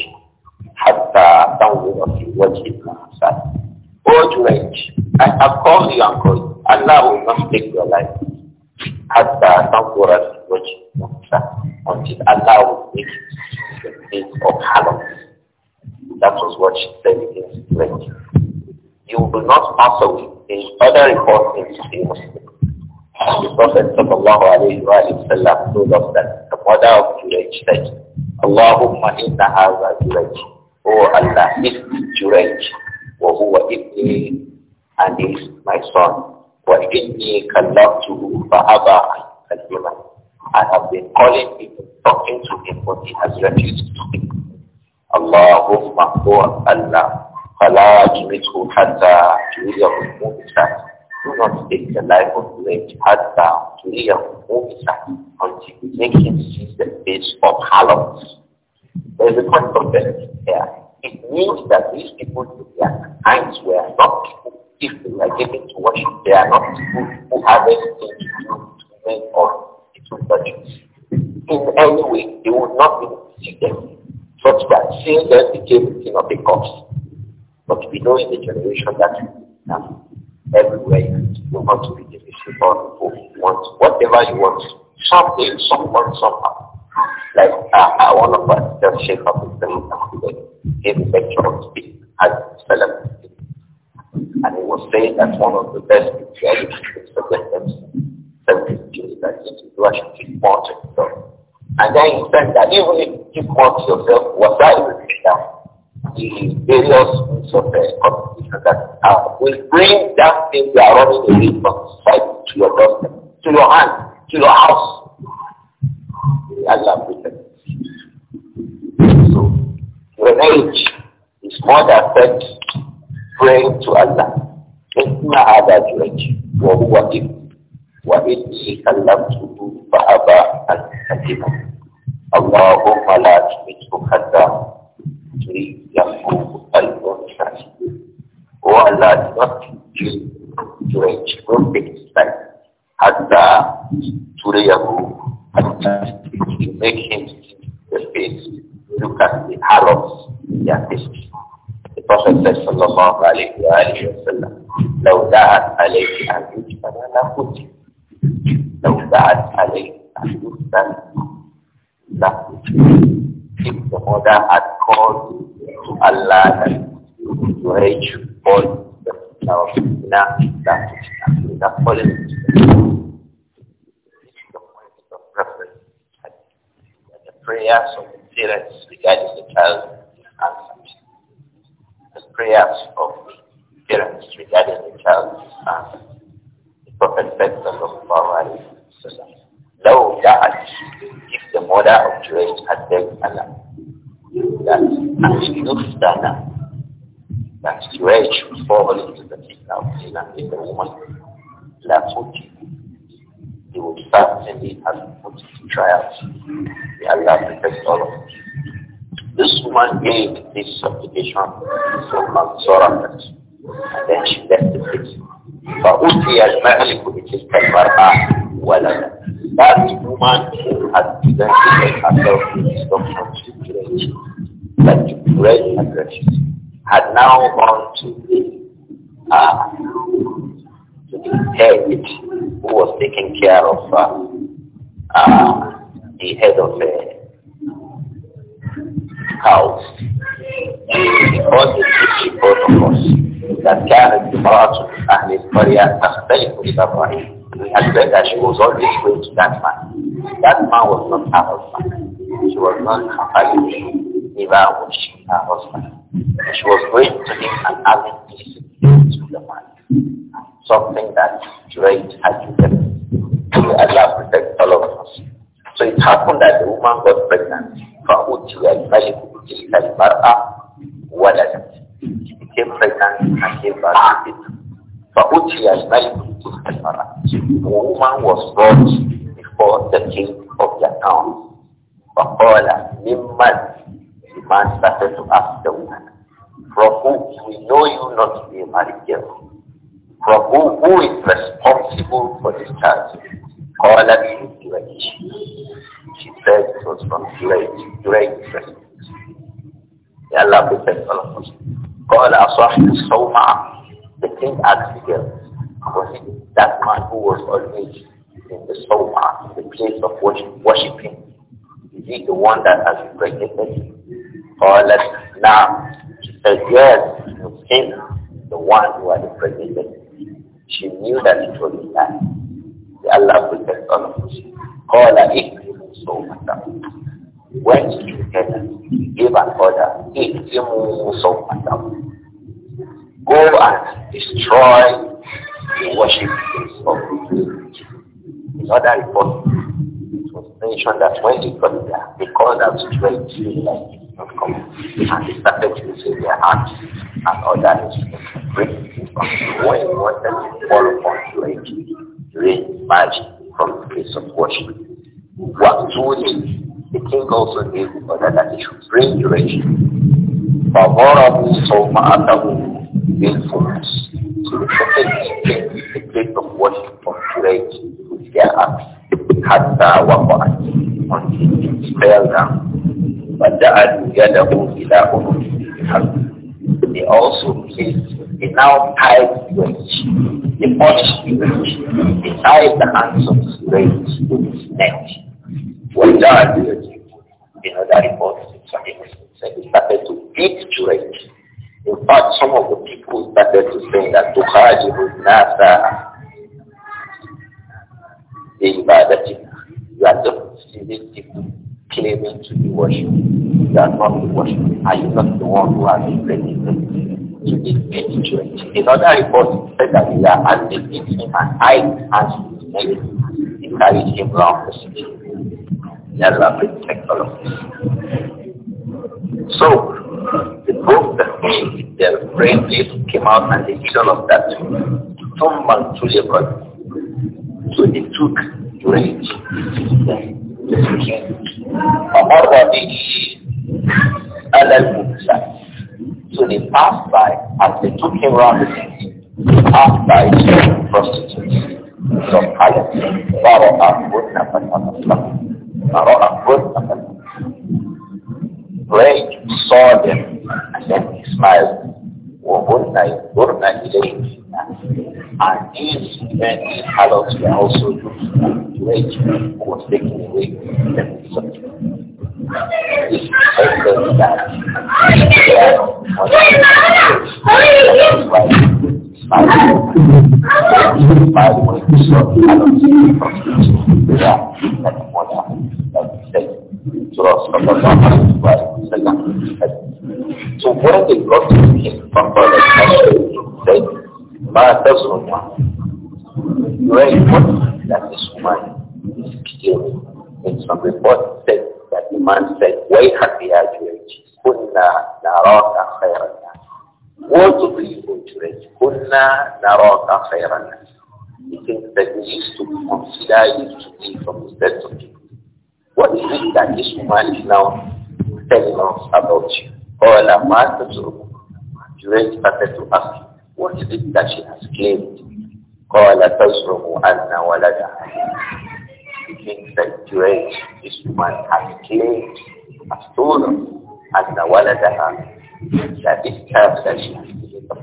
Speaker 1: حتى تنظر في وجه الإنسان Oh Jurej, I have called you and called you. Allah will not take your life. Hatta Tanguras Waj until Allah will make it the place of halal. That was what she said in against Jurej. You will not pass away. In other reports in Muslim. And the Prophet sallallahu alayhi wa sallam told us that the mother of Juraj said, Allahumma inna haza Juraj. Oh Allah, this is Juraj. Wa huwa ibni and is my son. Wa inni kallabtuhu fa'aba al-human. I have been calling him, talking to him, but he has refused to speak. Allahumma, oh Allah, فلا تمته حتى تريده الموت do not take the life of rage hatta turiyahu sahib until you make him see the face of harlot. There is a point controversy here. It means that these people to their kinds were not people if they were given to worship, they are not people who have anything to do to men or to virtues. In any way, they would not be see them. Such that seeing them became a thing of the cost. But we know in the generation that now everywhere you want to be difficult or you want whatever you want. Something, someone, somehow. Like uh, one of us, just Sheikh Abdul gave a lecture on speak at Salem. And he was saying that one of the best things suggested is that you actually keep more to yourself. And then he said that even if you keep more to yourself, what's that? the various sort of competition that are, uh, will bring that thing you are running away from society to your doorstep, to your hand, to your house. Allah protect. So, revenge is more than that praying to Allah. اللهم لا تمته حتى يفوق الوحشة ولا تطيب تريجهم بالإسلام حتى تريه حتى make him the face. Look at the arrows in their faces. The Prophet said, sallallahu alayhi wa alayhi wa sallam, لو دعت عليك أن يجبن لقلت لو دعت عليك أن يجبن لقلت if the mother had called to Allah that to rage for the Fitna, that is the following prayers of the parents regarding the child is answered. The prayers of the parents regarding the child is answered. The Prophet said, Sallallahu Alaihi Wasallam, لو دعت the mother of Juraj had begged Allah that as looks down that Juraj would fall into the fitna of sin and make the woman Lafuti. He would certainly have put to trials.
Speaker 2: the
Speaker 1: Allah protect all of us. This woman gave this supplication to Mansorat and then she left the prison. فأتي الملك بتلك المرأة ولدا that woman who has presented herself with instructions to that to be read and refused had now gone to the uh, to the head who was taking care of uh, uh, the head of the house
Speaker 2: because it is both of
Speaker 1: us that كانت امرأة أهل القرية تختلف بطبعها he had said that she was already going to that man. That man was not her husband. She was not her family. Neither was she her husband. She was going to him and having this to the man. Something that Jureit had given. Allah protect all of us. So it happened that the woman got pregnant. فأوتي الملك تلك المرأة ولدت. She became pregnant and gave birth to فأتي الملك المرأة. The woman was brought before the king of the town. فقال all The man started to ask the woman, from whom we know you not to be a married girl. From who, who is responsible for this charge? Call me Drake. She said it was from great Drake responsible. Allah protect all of us. قال أصحت الصوم the king asked him, was it that man who was always in the soma, the place of worship, worshipping? Is he the one that has been him? Or let's now, she said, yes, it was him, the one who had pregnant. She knew that it was his time. The Allah protect all of us. Call her so When she said that, he gave an order, so Sawma go and destroy the worship place of the In other reports, it was mentioned that when they got there, they called out to a team not coming. And they started to using their hands and all instruments to break when they wanted to fall upon like rain magic from the place of worship. What truly the king also gave order that he should bring the rain. فَغَرَبُوا سَوْمَ أَتَهُمْ faithfulness to protect the place of worship from rage with their acts, hatta waqa'at, until it fell down. فَدَعَدْ يَدَهُ إِلَىٰ أُنُوِهِ They also placed, they now tied the witch, they punished the witch, they the hands of the rage his neck. وَدَعَدْ يَدَهُ In other reports, somebody said he started to beat Jurek in fact, some of the people started to say that Tukhajibu Nasa Ibadati. You are just deceiving people claiming to be worshipped. You are not the worshipped. Are you not the one who has been represented to in individual? Another report said that we are unbelieving him and I and he made him carried him around the city. Allah protect all of us. So, broke the seal, their brain leaves came out and they ate all of that. Some Tulebon. So they took rage. Omar Rabi So they passed by and they took him around the city. Passed by prostitutes. Some pilots. Pharaoh and Burna Fatima. Pharaoh and Burna Fatima. Rage saw them and then he smiled. وَهُنَّ يُنْظُرْنَ إِلَيْهِ And these men, these adults were also looking to age who was taken away from them. This tells to us the second So when they got to him from the said, Ma Tazruma, very important that this woman is killed. In some report said that the man said, Why have the Ajurich? Kuna naraka khairana. What do we Ajurich? Kuna naraka khairana. He thinks that he used to consider it to be from the steps of people. What is it that this woman is now telling us about you? I'm asked to, Jurek started to ask, what is it that she has claimed? قال تزعم أن ولدها He thinks that Jurek, this woman has claimed, has told us, أن ولدها that this child that she has given up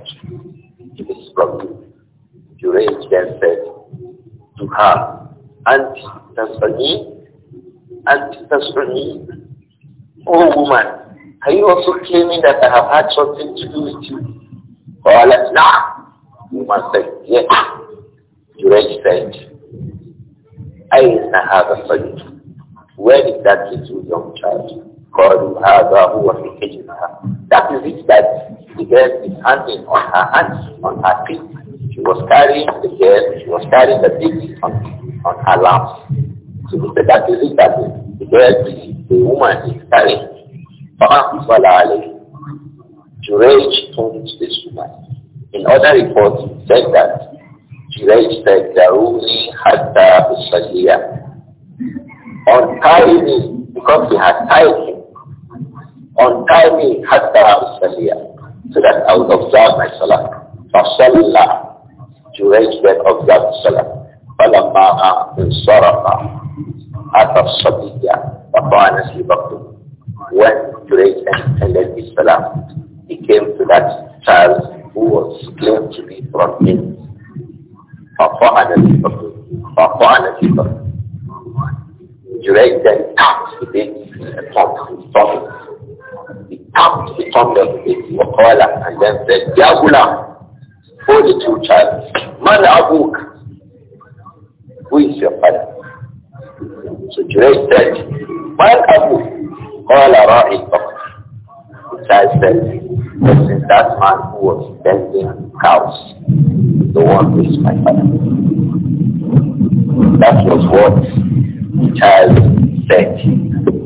Speaker 1: to is from you. Jurek then said to her, for me. Al-Tasuni, oh woman, are you also claiming that I have had something to do with you? Oh, let's not. must say yes. Jurek said, have a son. Where did that little young child? قالوا Who was في her. That is it that the girl is hanging on her hands, on her feet. She was carrying the girl, she was carrying the baby on, on her lap. So that the litter, the girl, the woman is carrying. Jurej told this woman. In other reports, he said that Jurej said, Daruni hatta usalliya. Untie me, because he had tied him. Untie me hatta usalliya, so that I would observe my salah. فَصَلَّى Jurej then observed salah. فَلَمَّا انصَرَفَ Athar Sadiya, Anas Libaktu, when Quraysh extended his salam, he came to that child who was claimed to be from him. فَطَعَنَ الْبَكْتُ فَطَعَنَ الْبَكْتُ Quraysh then tapped the big tongue, tongue. He tapped the tongue of the big Maqala and then said, "Diagula, Ghulam, O little child, Man Abuk, who is your father? situated. While Abu قال راعي البقر child said, this is that man who was bending cows. The one who is my father. That was what child said.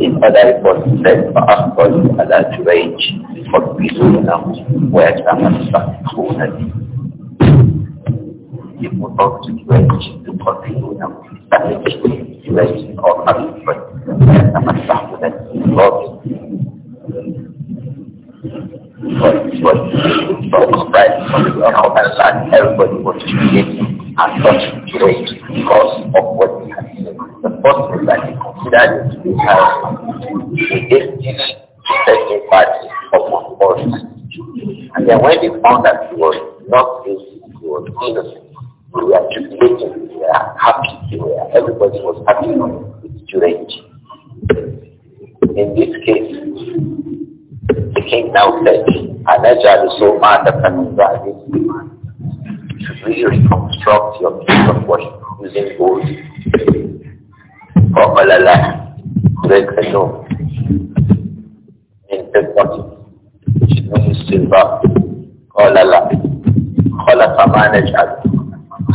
Speaker 1: In other reports, he said, فأخبر على جريج فقبلونه ويتمسكون If we talk to the Juraj to قبلونه أهل الإجتماعي أو أهل الشحن أمسحت ذلك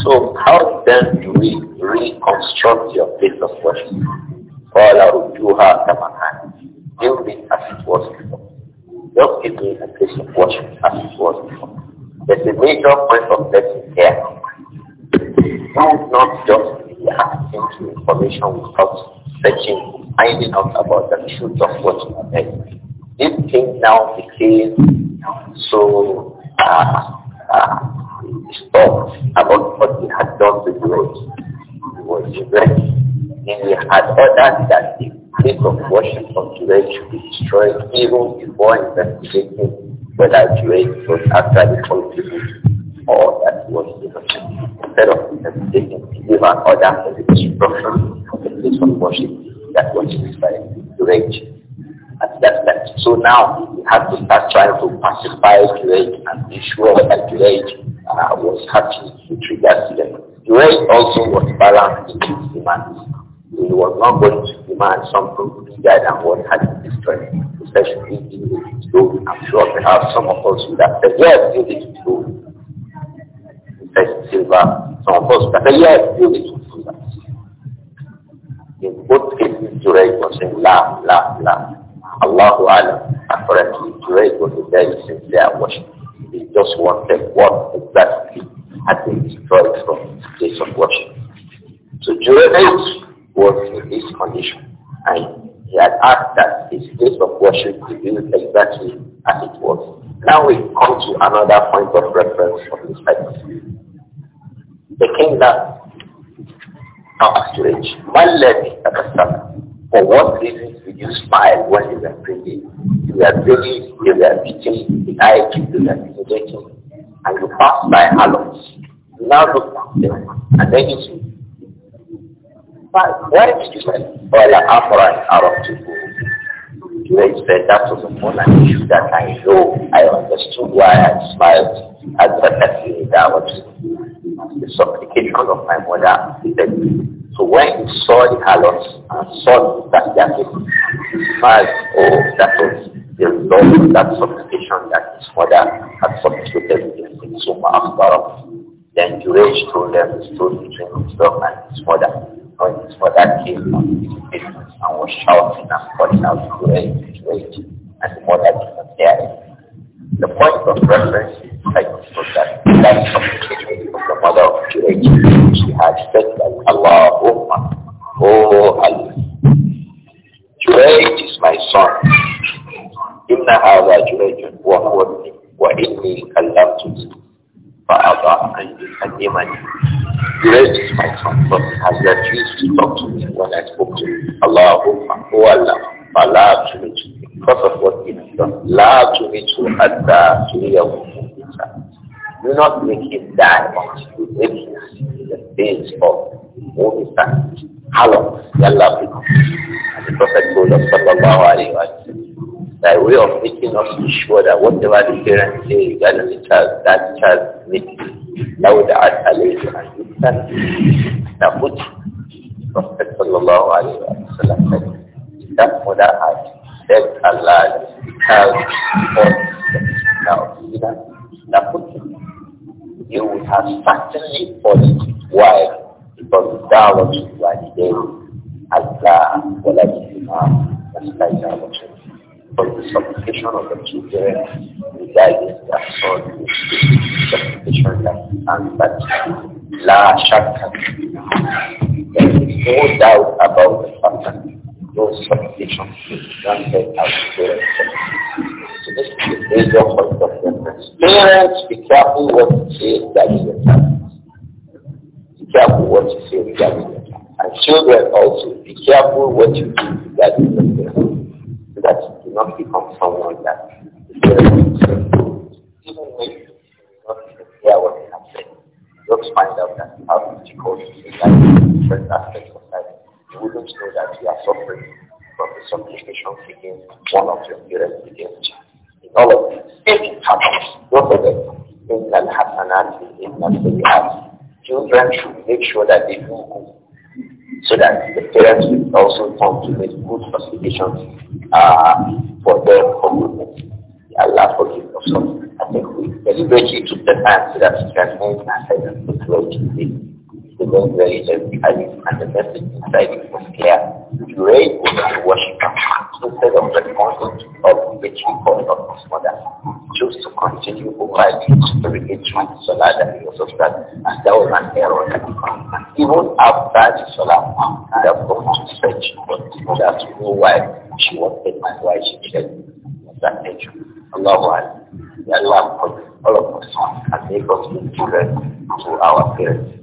Speaker 1: So how then do we reconstruct your place of worship? قَالَ رُجُّوهَا hand. Build it as it was before. Just give me a place of worship as it was before. There's a major point of lesson here. Do not just be asking to information without searching, finding out about the truth of what you have This thing now became so uh, uh, thought about what he had done to the road. He was ready. And he had ordered that the place of worship of Jurek should be destroyed even before investigating whether Jurek was actually culpable or that he was innocent. Instead of investigating, he gave an order for the destruction of the place of worship that was used by Jurek at that level. So now we have to start trying to pacify Kuwait and be sure that Kuwait uh, was happy with regards to them. Kuwait also was balanced in his demands. He was not going to demand something bigger than what had been destroyed, especially in the globe. I'm sure we have some of us would have said, yes, build it with gold. silver. Some of us would have said, yes, build it with silver. In both cases, worship is exactly as it was. Now we come to another point of reference for this hadith. The kingdom to age. My lady at a For what reason did you smile when you were praying? You were praying, you were teaching, the eye you are meditating, and you pass by halos. You now look at them, and then you see. Why did you say, Well, I'm after I out of said that was upon an issue that I know I understood why I smiled at as perfectly that was the supplication of my mother. So when he saw the halos and saw that that smiled, oh, that was the result that supplication that his mother had supplicated in Summa Akhbarah. Then Jurej told them the story between himself and his mother. But for that case on patience and was shouting and calling out, wait, wait, and the mother did not hear The point of reference is like so that that communication from the mother of Jurek, she had said that Allahumma, oh Allah. Jurek is my son. إن هذا جريج وهو ابني وإني كلمته Ba'aba and Al-Yaman. He raised my comfort. but has refused to talk to me when I spoke to Allah. Allahumma, O Allah, Allah to me too. Because of what he has done. La to me too, Adda the me Do not make him die until you make him the base of Mu'min. How long? Yallah, because. the Prophet told us, sallallahu alayhi wa sallam, by way of making us sure that whatever the parents say regarding the child, that child meets Dawud alayhi and Yusuf. Now put Prophet sallallahu alayhi wa sallam said, that mother had said Allah the child for now now put you would have certainly fallen while because that was why they Allah will let you of That's like from the supplication of the children regarding their son, supplication that answered La Shaka. There is no doubt about the fact that those supplications is granted as parents. So this is the major point of reference. Parents, be careful what you say regarding your child. Be careful what you say regarding your child. And children also, be careful what you do regarding your child. that's not become someone that Even when you not care what they have said, you just find out that you have difficult in different aspects of life. You wouldn't know that you are suffering from the supplication against one of your parents against you. In all of this, it happens. Don't forget, things that happen and things that they Children should make sure that they do good so that the parents will also come to make good facilitations uh, for their commitment. Allah forgive us all. I think we deliberately took the time so that we can make a good way to live the most religious hadith and the message inside it was clear. You raise to worship instead of the responding to obligatory call of his mother. Choose to continue providing obligatory salah that he was observed, and that was an error that he committed. Even after the salah, the prophet said she was the mother to know why she wanted, taken and why she said that nature. Allahu Allah, Allah, all of us, and make us good children to our parents.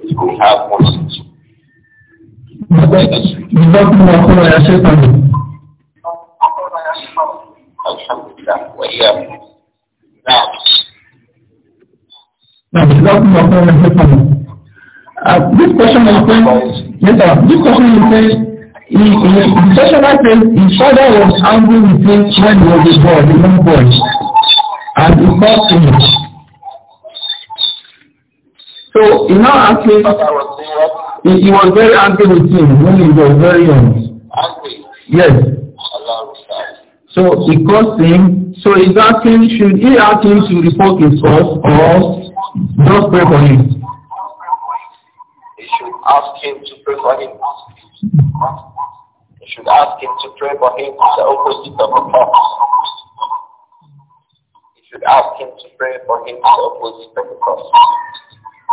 Speaker 1: جزاكم الله this question is saying, yes, sir, this question is saying, he, he, the sessioner his father was angry with him when he was a boy, a young boy, and he caught him. So he now asked me, he, he was very angry with him when he was very young. Angry? Yes. So he caused him, so he's asking, should he ask him to report his fault or just pray for him? He should ask him to pray for him. You should ask him to pray for him is the opposite of a You should ask him to pray for him is the opposite of cross.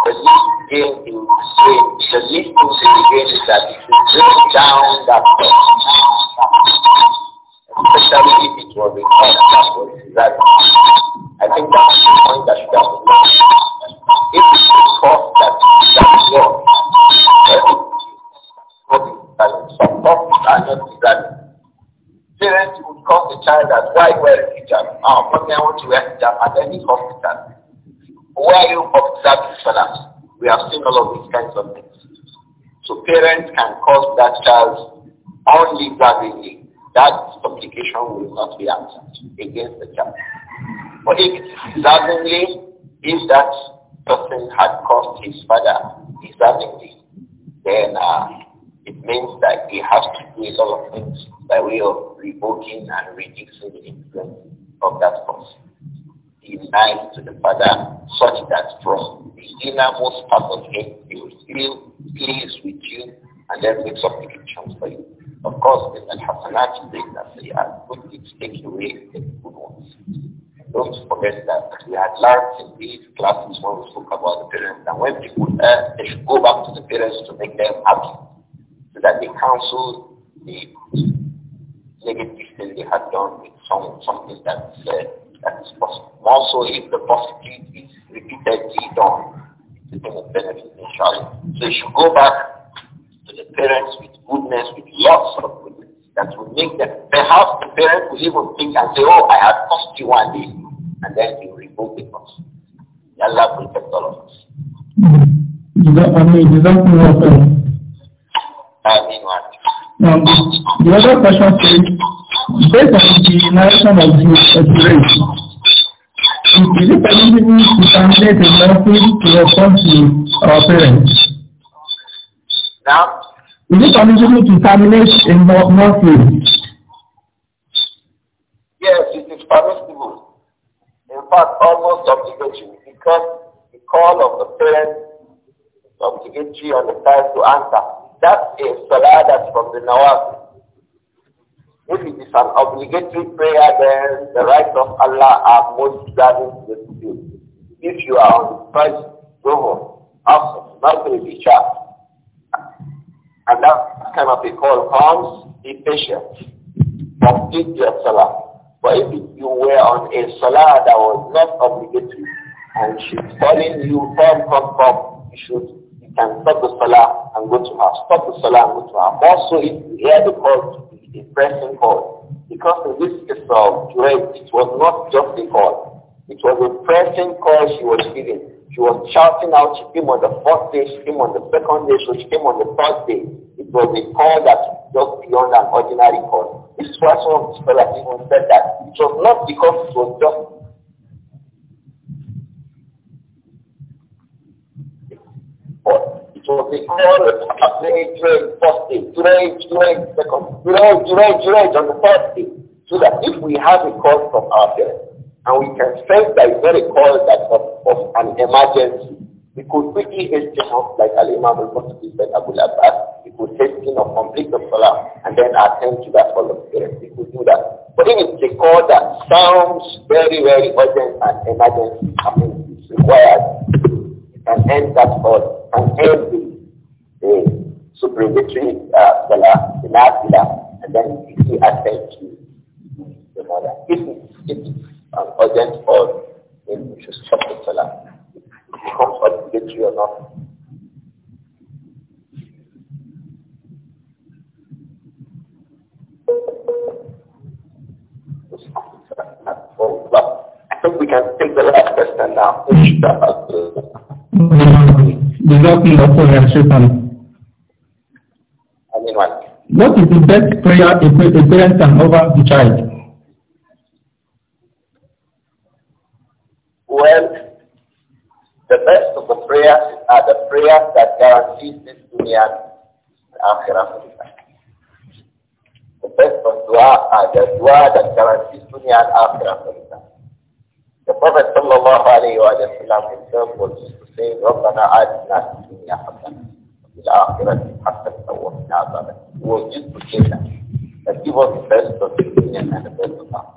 Speaker 1: The least gain in gain, the least thing to be gained that it will bring down that thing. Especially if it was a cost that was desired. I think that's the point that should have been made. If it's a because that, that is yours, some costs are not desired. Parents would call the child that, why wear a hijab? Oh, mommy, I want to wear hijab at any hospital where you observe the salah. We have seen all of these kinds of things. So parents can cause that child only gravity. That complication will not be answered against the child. But if deservingly, if that person had caused his father deservingly, then uh, it means that he has to do a lot of things by way of revoking and reducing the influence of that person be nice to the father such that from the innermost part of him he will feel pleased with you and then make supplications for you. Of course, in al-hasanat, the nasiyat, good deeds take away the good ones. Don't forget that we had learned in these classes when we spoke about the parents That when people earn, uh, they should go back to the parents to make them happy so that they counsel the negative things they had done with some, something that uh, that is possible. More so if the possibility is repeated done, it will benefit child. So you should go back to the parents with goodness, with lots of goodness that will make them. Perhaps the parents will even think and say, oh, I have cost you one day. And then you remove the cost. Allah protect all of us.
Speaker 2: I mean, what? Now, the other question is, based on the narration of the experience,
Speaker 1: it is it permissible to translate a message to respond to our parents? Now? Is it permissible to terminate a message? Yes, it is permissible. In fact, almost obligatory because the call of the parents is obligatory on the child to answer. That's salah that's from the Nawab. If it is an obligatory prayer, then the rights of Allah are most guarded to the If you are on the first not to be Isha, and that kind of a call comes, be patient. Complete your salah. But if you were on a salah that was not obligatory and she's telling you, come, come, come, you should you can stop the salah and go to her. Stop the salah and go to her. Also, if you hear the call pressing call. Because in this case of Jured, it was not just a call. It was a pressing call she was feeling. She was shouting out, she came on the first day, she came on the second day, so she came on the third day. It was a call that just beyond an ordinary call. This was one of the scholars even said that it was not because it was just So the call is happening during fasting, during, during, second, during, during, during, on the first day. So that if we have a call from our parents, and we can sense that it's not a call that of, of an emergency, we could quickly hasten up, like Al-Imam al-Qasidi said, Abu Abbas, we could hasten up, complete the Salah, and then attend to that call of parents. We could do that. But if it's a call that sounds very, very urgent and emergency, I mean, it's required, and end that all and end the, the supplementary uh, the last salah, and then he attend to the mother. If it's an urgent call, then you should stop the salah. It becomes obligatory or not. I think we can take the last question now.
Speaker 2: Develop
Speaker 1: me also and Shaitan. What is the best prayer a parent can offer the child? Well, the best of the prayers are the prayers that guarantees this dunya and akhirah The best of dua are the dua that guarantees dunya and akhirah the Prophet sallallahu alayhi wa sallam himself was saying, رَبَّنَا آتِنَا فِي الدُّنْيَا حَسَنَةً وَفِي الْآخِرَةِ حَسَنَةً وَقِنَا عَذَابَ النَّارِ was just to say that, that give us the best of the union and the best of world."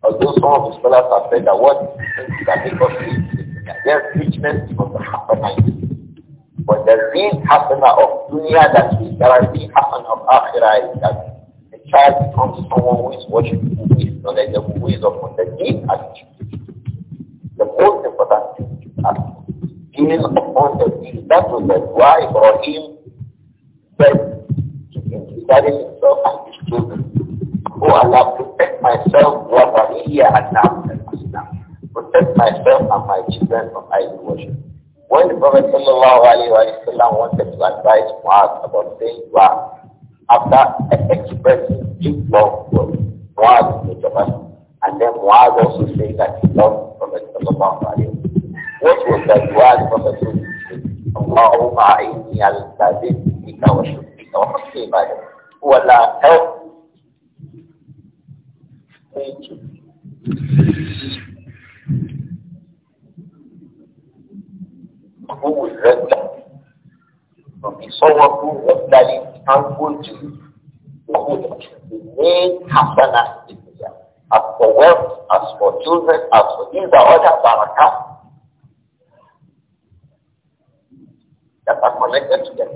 Speaker 1: Although some of the scholars have said that what things that they us rich is there's richness from the hasanah. But the real hasanah of dunya that we guarantee hasanah of akhirah is that the child becomes someone who is worshipful, who is knowledgeable, who is upon the deep attitude important is upon the deed. That was why Ibrahim said that is so and his children, Oh Allah, protect myself, what I hear and now Protect myself and my children from idol worship. When the Prophet wasallam wanted to advise Muaz about saying dua, after expressing deep love for Muaz and then Muaz also said that he loved وأعني على ذكرك وشكرك وحسن عبادتك ولا help Thank you. Who will render from the someone who who in the as for wealth, as for children, as for these are other barakas that are connected to them.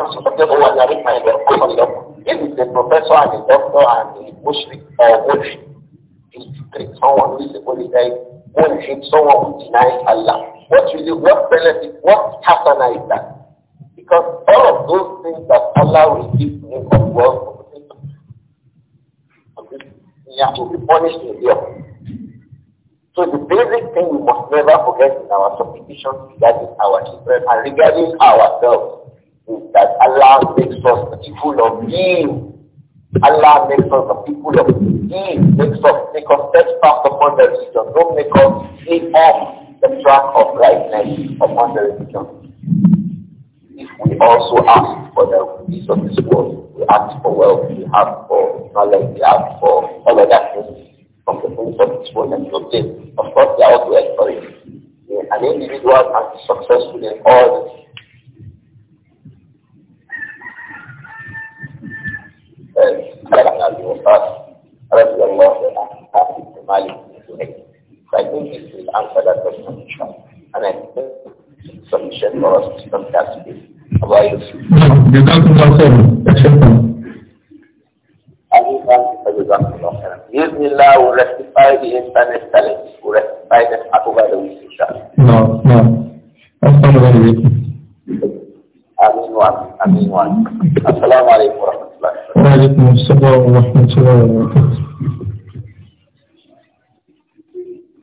Speaker 1: Some people who are my level. If it's professor and a doctor and a mushrik or mushrik, is someone who is a holy guy, one someone who denies Allah. What will you? what benefit, what hasana is that? Because all of those things that Allah will give the him from wealth, yeah, to be punished in the earth. So the basic thing we must never forget in our supplications regarding our children and regarding ourselves is that Allah makes us the people of Him. Allah makes us the people of Him, makes us make us steadfast upon the religion. Don't make us leave off the track of rightness upon the religion. If we also ask for the peace of this world, we ask for wealth, we ask for knowledge, we ask for all of that things comfortable satisfaction to obtain. Of course, they are also encouraged. Yeah, an individual be successful in all كان I think this الله answer that مالك And سهيل فإنك في الأنفة لا تسمع إن sufficient for us to come back to this. And he Allah will rectify the internet will rectify them over the week. No,
Speaker 2: no. That's
Speaker 1: not Amin one, Amin one. Assalamu alaikum wa rahmatullahi wa barakatuh.
Speaker 2: Wa alaikum wa rahmatullahi wa barakatuh.